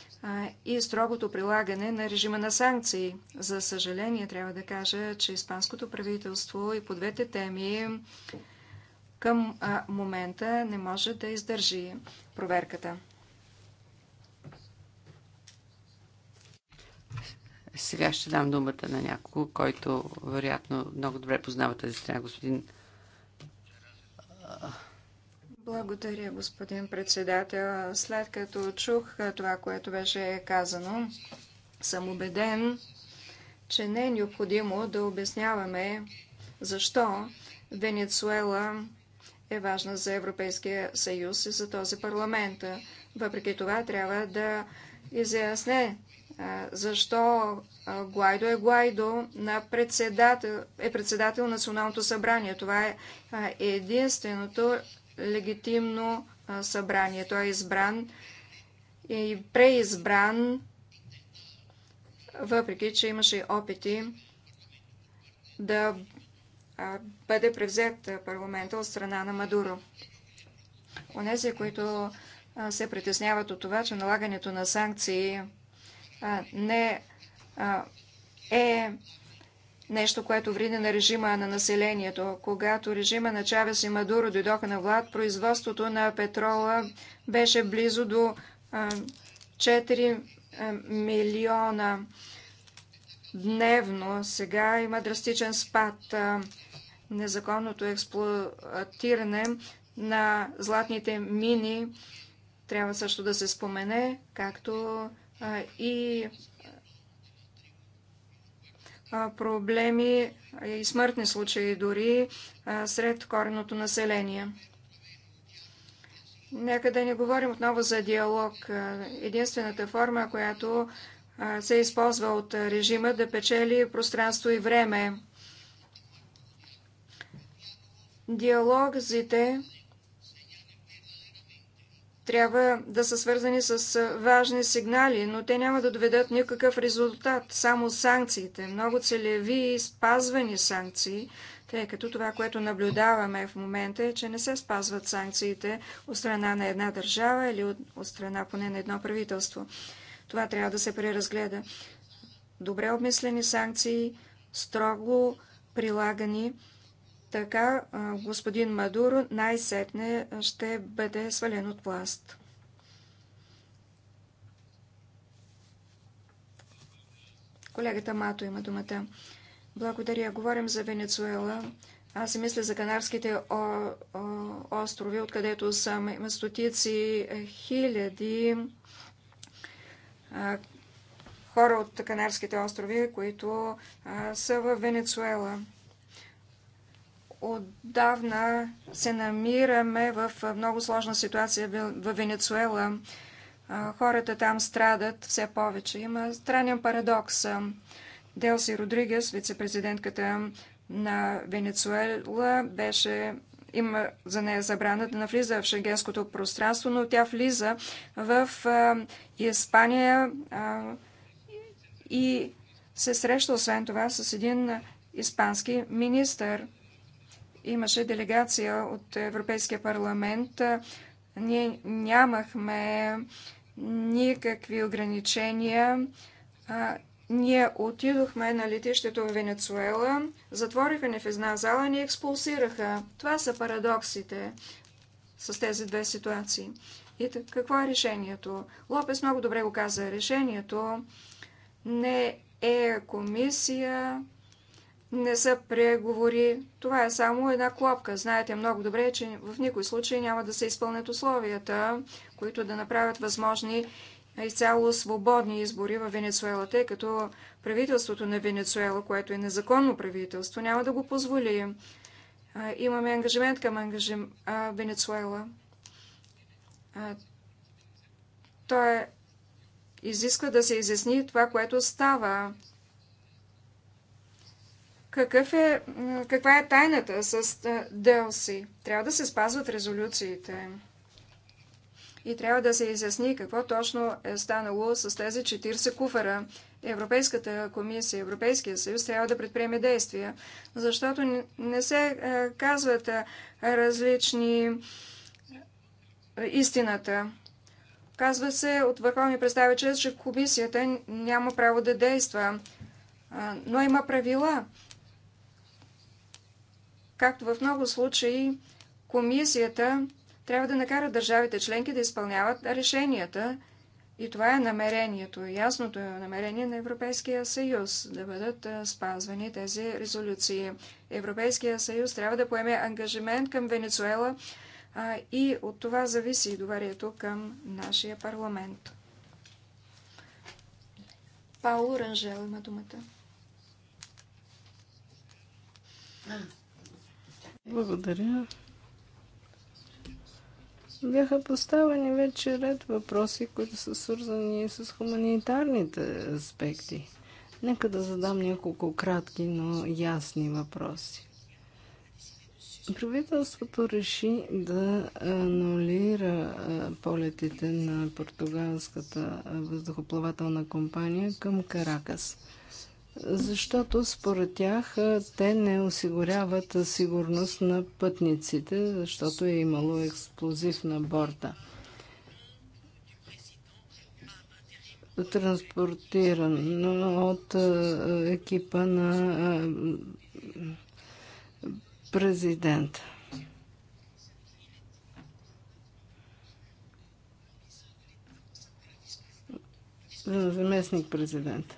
и строгото прилагане на режима на санкции. За съжаление, трябва да кажа, че испанското правителство и по двете теми към момента не може да издържи проверката. Сега ще дам думата на някого, който вероятно много добре познава тази страна, господин. Благодаря, господин председател. След като чух това, което беше казано, съм убеден, че не е необходимо да обясняваме защо Венецуела е важна за Европейския съюз и за този парламент. Въпреки това трябва да изясне защо Гуайдо е Гуайдо на председател, е председател на Националното събрание. Това е единственото легитимно събрание. Той е избран и преизбран, въпреки че имаше опити да бъде превзет парламента от страна на Мадуро. Онези, които се притесняват от това, че налагането на санкции не е нещо, което вреди на режима на населението. Когато режима на Чавес и Мадуро дойдоха на влад, производството на петрола беше близо до 4 милиона дневно. Сега има драстичен спад. Незаконното експлуатиране на златните мини трябва също да се спомене, както и проблеми и смъртни случаи дори сред кореното население. Нека да не говорим отново за диалог. Единствената форма, която се използва от режима да печели пространство и време. Диалогзите трябва да са свързани с важни сигнали, но те няма да доведат никакъв резултат, само санкциите, много целеви и спазвани санкции, тъй като това, което наблюдаваме в момента е, че не се спазват санкциите от страна на една държава или от, от страна поне на едно правителство. Това трябва да се преразгледа. Добре обмислени санкции, строго прилагани, така господин Мадуро най-сетне ще бъде свален от власт. Колегата Мато има думата. Благодаря. Говорим за Венецуела. Аз си мисля за Канарските острови, откъдето съм. Има стотици е, хиляди хора от Канарските острови, които са в Венецуела отдавна се намираме в много сложна ситуация в Венецуела. Хората там страдат все повече. Има странен парадокс. Делси Родригес, вице-президентката на Венецуела, беше има за нея забрана да навлиза в шенгенското пространство, но тя влиза в Испания и се среща освен това с един испански министър имаше делегация от Европейския парламент. Ние нямахме никакви ограничения. Ние отидохме на летището в Венецуела, затвориха ни в една зала ни експулсираха. Това са парадоксите с тези две ситуации. И така, какво е решението? Лопес много добре го каза. Решението не е комисия, не са преговори. Това е само една клопка. Знаете много добре, че в никой случай няма да се изпълнят условията, които да направят възможни изцяло свободни избори в Венецуела, тъй като правителството на Венецуела, което е незаконно правителство, няма да го позволи. Имаме ангажимент към ангажим... Венецуела. Той е- изисква да се изясни това, което става какъв е, каква е тайната с Делси? Трябва да се спазват резолюциите. И трябва да се изясни какво точно е станало с тези 40 куфара. Европейската комисия, Европейския съюз трябва да предприеме действия, защото не се казват различни истината. Казва се от върховни представители, че комисията няма право да действа, но има правила. Както в много случаи, комисията трябва да накара държавите членки да изпълняват решенията. И това е намерението, ясното е намерение на Европейския съюз да бъдат спазвани тези резолюции. Европейския съюз трябва да поеме ангажимент към Венецуела а, и от това зависи доверието към нашия парламент. Пауло Ранжел има думата. Благодаря. Бяха поставени вече ред въпроси, които са свързани с хуманитарните аспекти. Нека да задам няколко кратки, но ясни въпроси. Правителството реши да анулира полетите на португалската въздухоплавателна компания към Каракас защото според тях те не осигуряват сигурност на пътниците, защото е имало експлозив на борта. Транспортиран от екипа на президента. Заместник президента.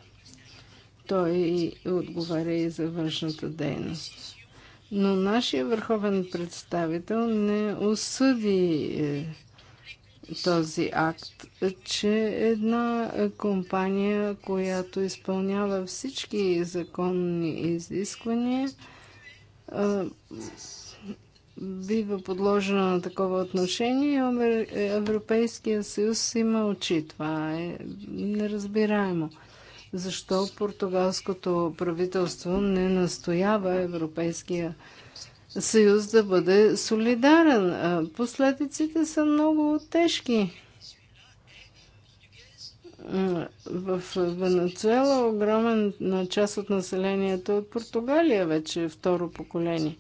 Той отговаря и за външната дейност. Но нашия върховен представител не осъди е, този акт, че една компания, която изпълнява всички законни изисквания, е, бива подложена на такова отношение. Европейския съюз има очи. Това е неразбираемо защо португалското правителство не настоява Европейския съюз да бъде солидарен. Последиците са много тежки. В Венецуела огромен на част от населението е Португалия вече второ поколение.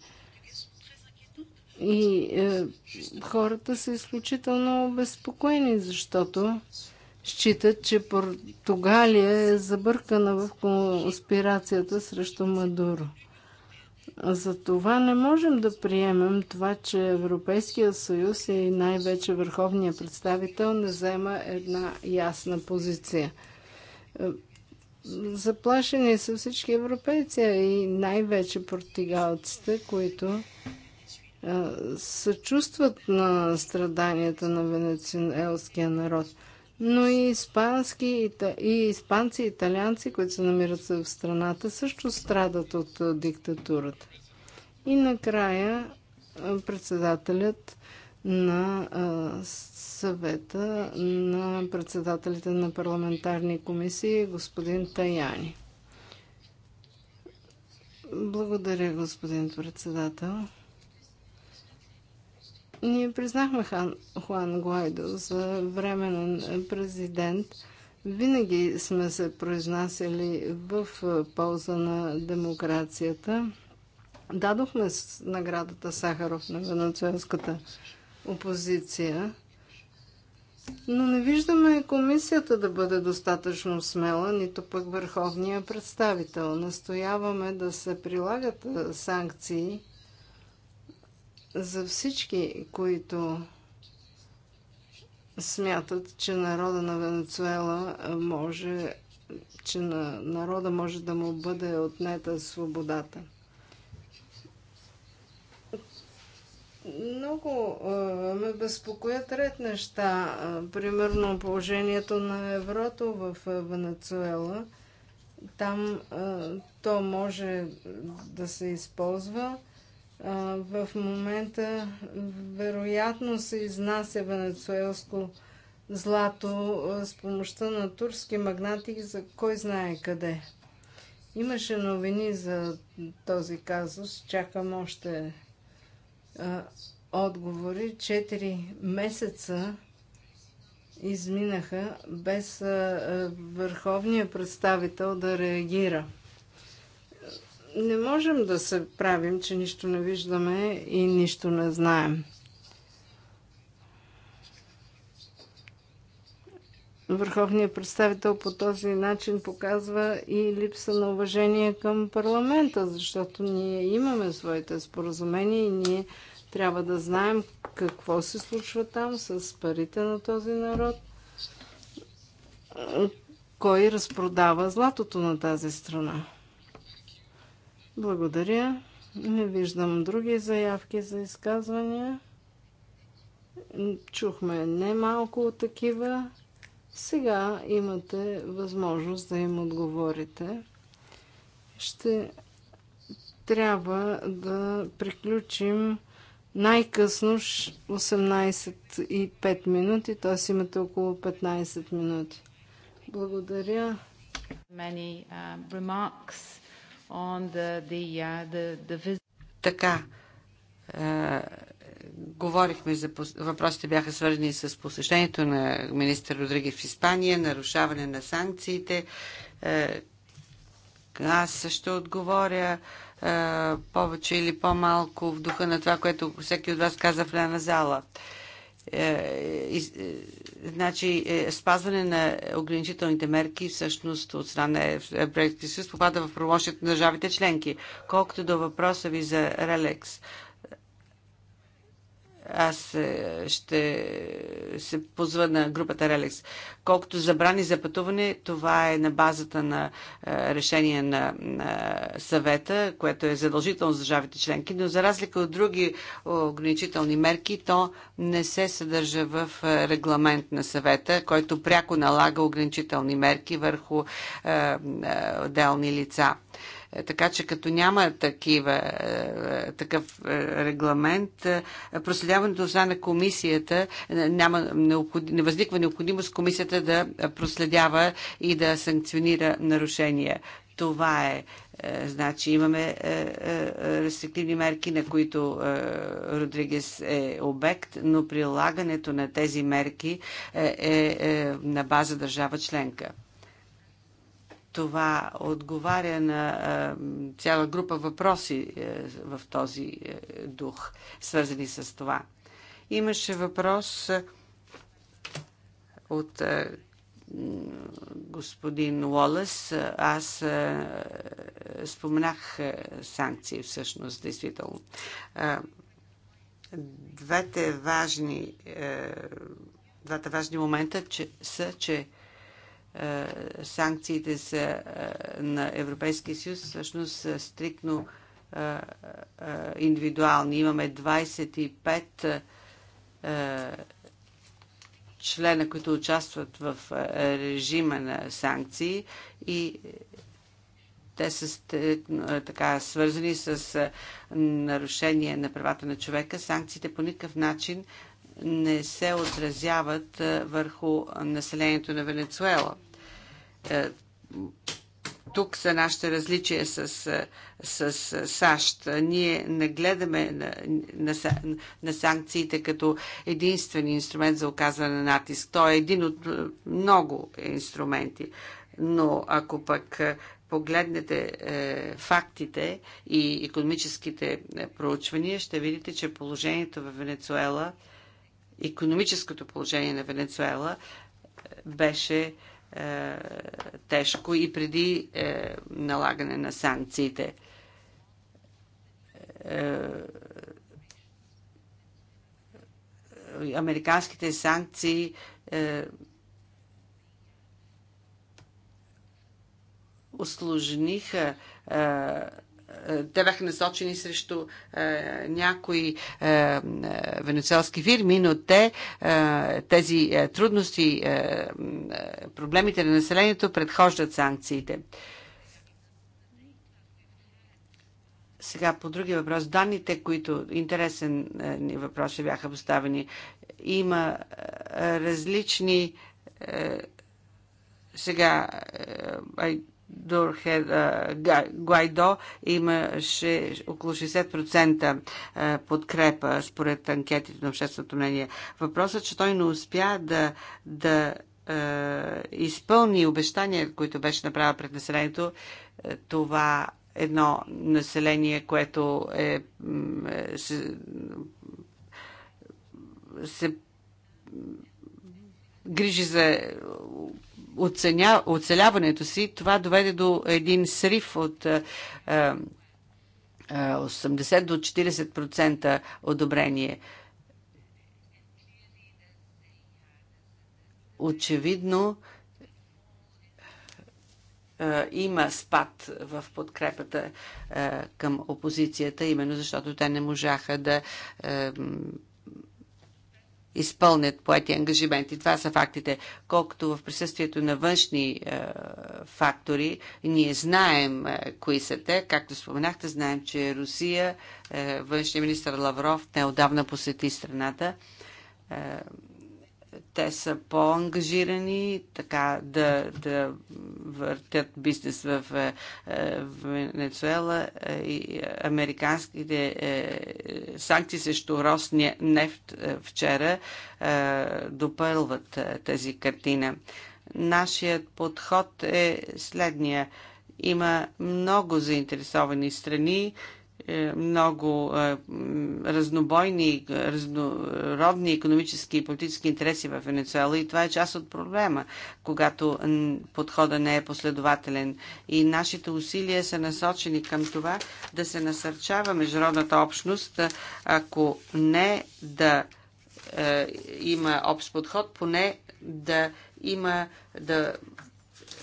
И е, хората са изключително обезпокоени, защото считат, че Португалия е забъркана в конспирацията срещу Мадуро. Затова не можем да приемем това, че Европейския съюз и най-вече върховният представител не взема една ясна позиция. Заплашени са всички европейци и най-вече португалците, които съчувстват на страданията на венецинелския народ – но и испански, и испанци, и италианци, които се намират в страната, също страдат от диктатурата. И накрая председателят на съвета на председателите на парламентарни комисии, господин Таяни. Благодаря, господин председател. Ние признахме Хан, Хуан Гуайдо за временен президент. Винаги сме се произнасяли в полза на демокрацията. Дадохме наградата Сахаров на венецуелската опозиция. Но не виждаме комисията да бъде достатъчно смела, нито пък върховния представител. Настояваме да се прилагат санкции за всички, които смятат, че народа на Венецуела може, че на народа може да му бъде отнета свободата. Много ме безпокоят ред неща. Примерно положението на еврото в Венецуела. Там то може да се използва в момента вероятно се изнася венецуелско злато с помощта на турски магнати за кой знае къде. Имаше новини за този казус. Чакам още отговори. Четири месеца изминаха без върховния представител да реагира не можем да се правим, че нищо не виждаме и нищо не знаем. Върховният представител по този начин показва и липса на уважение към парламента, защото ние имаме своите споразумения и ние трябва да знаем какво се случва там с парите на този народ, кой разпродава златото на тази страна. Благодаря. Не виждам други заявки за изказвания. Чухме немалко от такива. Сега имате възможност да им отговорите. Ще трябва да приключим най-късно 18 и 5 минути, т.е. имате около 15 минути. Благодаря. Many, uh, remarks. Uh, така, е, говорихме за въпросите бяха свързани с посещението на министър Родригев в Испания, нарушаване на санкциите. Е, аз също отговоря е, повече или по-малко в духа на това, което всеки от вас каза в една зала. Е, е, е, значи, спазване на ограничителните мерки всъщност от страна на Европейския съюз попада в правомощието на държавите членки. Колкото до въпроса ви за Релекс, аз е, ще се позва на групата Релекс. Колкото забрани за пътуване, това е на базата на е, решение на, съвета, което е задължително за държавите членки, но за разлика от други ограничителни мерки, то не се съдържа в е, регламент на съвета, който пряко налага ограничителни мерки върху отделни лица. Е, така че като няма такива, е, е, такъв регламент, проследяването за на комисията няма, не възниква необходимост комисията да проследява и да санкционира нарушения. Това е. Значи имаме рестриктивни мерки, на които Родригес е обект, но прилагането на тези мерки е на база държава членка. Това отговаря на цяла група въпроси е, в този е, дух, свързани с това. Имаше въпрос е, от господин Уолъс. Аз споменах санкции всъщност, действително. Двете важни, двата важни момента че, са, че е, санкциите са е, на Европейския съюз всъщност са стрикно е, индивидуални. Имаме 25 члена, които участват в режима на санкции и те са така свързани с нарушение на правата на човека. Санкциите по никакъв начин не се отразяват е, върху населението на Венецуела. Е, тук са нашите различия с, е, с, с САЩ. Ние не гледаме на, на, на санкциите като единствен инструмент за оказване на натиск. Той е един от много инструменти. Но ако пък погледнете е, фактите и економическите проучвания, ще видите, че положението в Венецуела е, економическото положение на Венецуела е, беше е, тежко и преди е, налагане на санкциите. Е, е американските санкции е, усложниха е, е, те бяха насочени срещу е, някои е, е, венецуелски фирми, но те, е, тези е, трудности, е, е, проблемите на населението предхождат санкциите. Сега по други въпрос. Данните, които интересен е, въпрос ще бяха поставени, има е, различни е, сега е, Дорхе Гуайдо имаше около 60% подкрепа според анкетите на общественото мнение. Въпросът, че той не успя да, да е, изпълни обещания, които беше направил пред населението, това едно население, което е, е се, се грижи за оценя, оцеляването си, това доведе до един срив от 80 е, е, до 40% одобрение. Очевидно е, има спад в подкрепата към опозицията, именно защото те не можаха да изпълнят поети ангажименти. Това са фактите. Колкото в присъствието на външни е, фактори, ние знаем е, кои са те. Както споменахте, знаем, че Русия, е, външния министр Лавров неодавна посети страната. Е, те са по-ангажирани така да, да въртят бизнес в, е, е, в Венецуела е, и американските санкции срещу Росния нефт вчера допълват тази картина. Нашият подход е следния. Има много заинтересовани страни, е, много е, разнобойни, е, разнородни економически и политически интереси в Венецуела и това е част от проблема, когато подхода не е последователен. И нашите усилия са насочени към това да се насърчава международната общност, ако не да има общ подход, поне да има да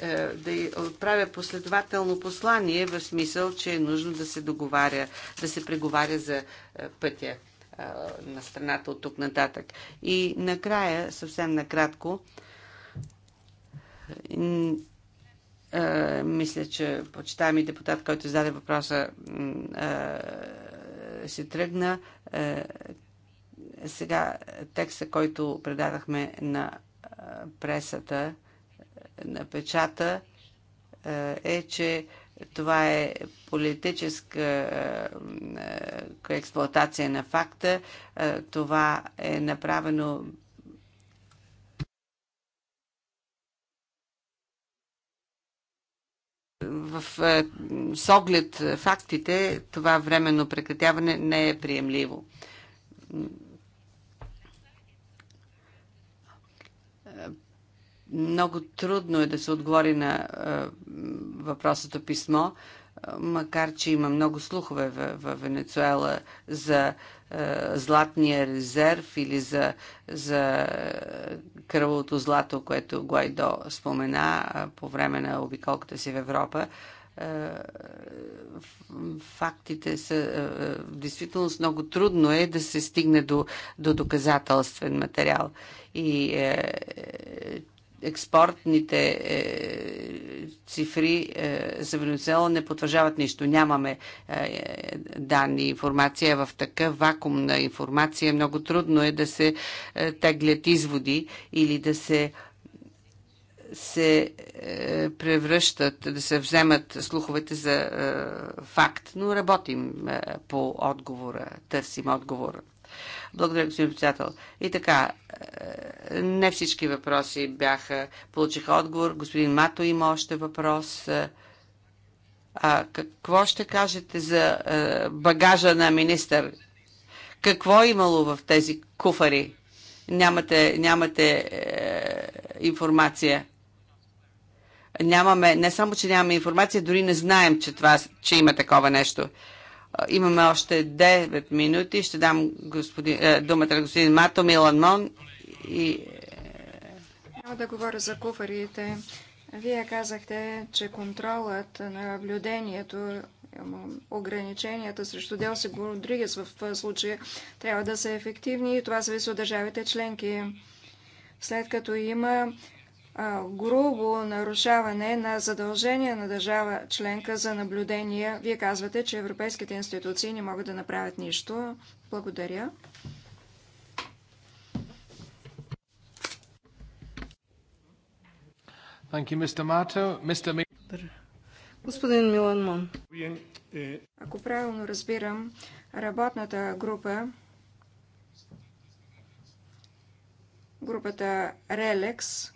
е, да отправя последователно послание в смисъл, че е нужно да се договаря, да се преговаря за е, пътя е, на страната от тук нататък. И накрая, съвсем накратко, мисля, че почитаем и депутат, който зададе въпроса, се тръгна. Сега текста, който предадахме на пресата, Напечата, е, е, че това е политическа е, е, експлоатация на факта. Това е направено в, с оглед фактите това временно прекратяване не е приемливо. Много трудно е да се отговори на е, въпросното писмо, е, макар че има много слухове в, в Венецуела за е, златния резерв или за, за кръвото злато, което Гуайдо спомена по време на обиколката си в Европа. Фактите са в действителност много трудно е да се стигне до, до доказателствен материал. И е, експортните е, цифри е, за Венецуела не потвържават нищо. Нямаме е, данни, информация в такъв вакуум на информация. Много трудно е да се е, теглят изводи или да се се е, превръщат, да се вземат слуховете за е, факт, но работим е, по отговора, търсим отговора. Благодаря, господин председател. И така, е, не всички въпроси бяха, получиха отговор. Господин Мато има още въпрос. Е, а какво ще кажете за е, багажа на министър? Какво е имало в тези куфари? Нямате, нямате е, информация. Нямаме, не само, че нямаме информация, дори не знаем, че, това, че има такова нещо. Имаме още 9 минути. Ще дам господин, е, думата на господин Мато Милан Мон. И... Е, Няма да говоря за куфарите. Вие казахте, че контролът на наблюдението, ограниченията срещу Делси Родригес в е, случая трябва да са ефективни и това зависи от държавите членки. След като има грубо нарушаване на задължения на държава членка за наблюдение. Вие казвате, че европейските институции не могат да направят нищо. Благодаря. Господин Милан Мон. Ако правилно разбирам, работната група, групата Релекс,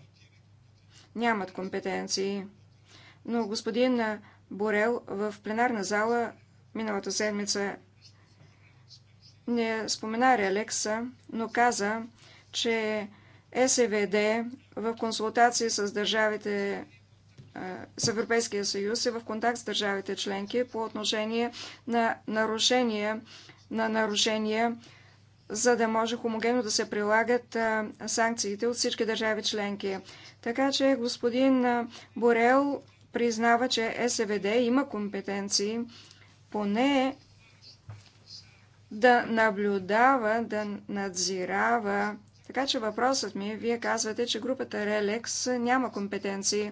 нямат компетенции. Но господин Борел в пленарна зала миналата седмица не спомена Релекса, но каза, че СВД в консултации с държавите с Европейския съюз е в контакт с държавите членки по отношение на нарушения на нарушения за да може хомогенно да се прилагат санкциите от всички държави членки. Така че господин Борел признава, че СВД има компетенции поне да наблюдава, да надзирава. Така че въпросът ми, е, вие казвате, че групата Релекс няма компетенции,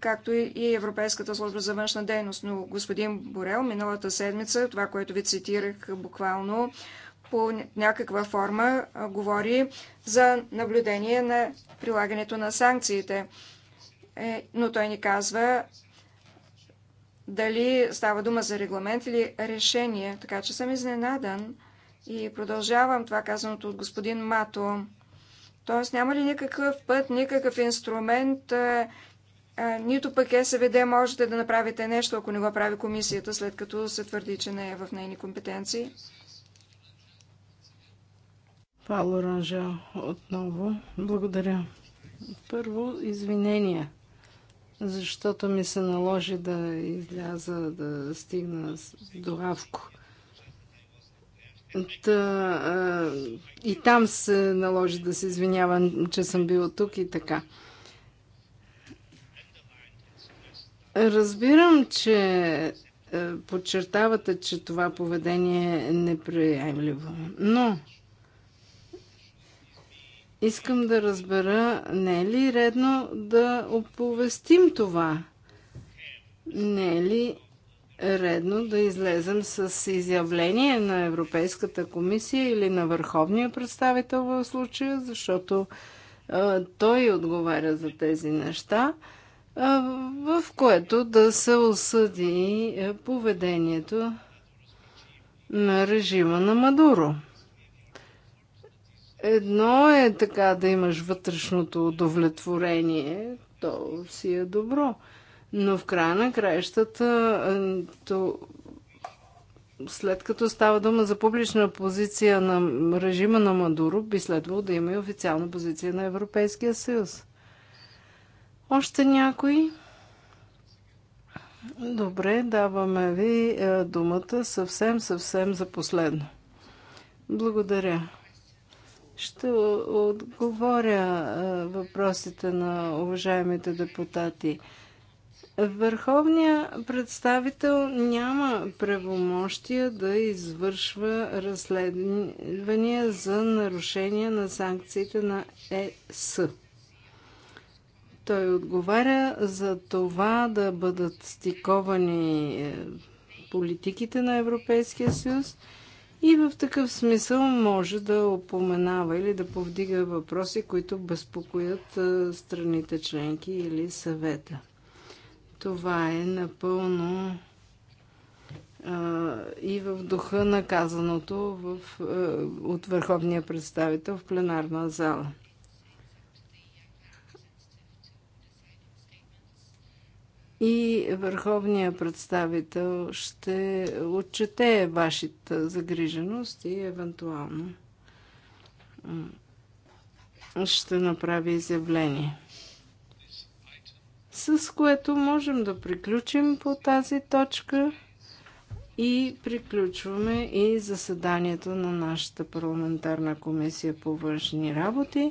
както и Европейската служба за външна дейност. Но господин Борел, миналата седмица, това, което ви цитирах буквално, по някаква форма говори за наблюдение на прилагането на санкциите. Е, но той ни казва дали става дума за регламент или решение. Така че съм изненадан и продължавам това казаното от господин Мато. Тоест няма ли никакъв път, никакъв инструмент, нито пък СВД можете да направите нещо, ако не го прави комисията, след като се твърди, че не е в нейни компетенции. Пало Ранжа отново. Благодаря. Първо, извинения, защото ми се наложи да изляза, да стигна до равко. Та, и там се наложи да се извинявам, че съм била тук и така. Разбирам, че е, подчертавате, че това поведение е неприемливо, но Искам да разбера, не е ли редно да оповестим това? Не е ли редно да излезем с изявление на Европейската комисия или на върховния представител в случая, защото а, той отговаря за тези неща, а, в което да се осъди е, поведението на режима на Мадуро. Едно е така да имаш вътрешното удовлетворение, то си е добро. Но в края на краищата, то, след като става дума за публична позиция на режима на Мадуро, би следвало да има и официална позиция на Европейския съюз. Още някои? Добре, даваме ви думата съвсем, съвсем за последно. Благодаря. Ще отговоря въпросите на уважаемите депутати. Върховният представител няма правомощия да извършва разследвания за нарушения на санкциите на ЕС. Той отговаря за това да бъдат стиковани е, политиките на Европейския съюз – и в такъв смисъл може да опоменава или да повдига въпроси, които безпокоят страните членки или съвета. Това е напълно и в духа на казаното в, от върховния представител в пленарна зала. и върховният представител ще отчете вашата загриженост и евентуално ще направи изявление. С което можем да приключим по тази точка и приключваме и заседанието на нашата парламентарна комисия по външни работи.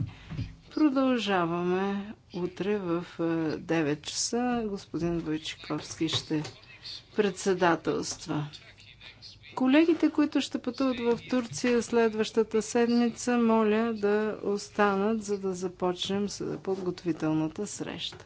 Продължаваме утре в 9 е, часа. Господин Войчиковски ще председателства. Колегите, които ще пътуват в Турция следващата седмица, моля да останат, за да започнем с подготвителната среща.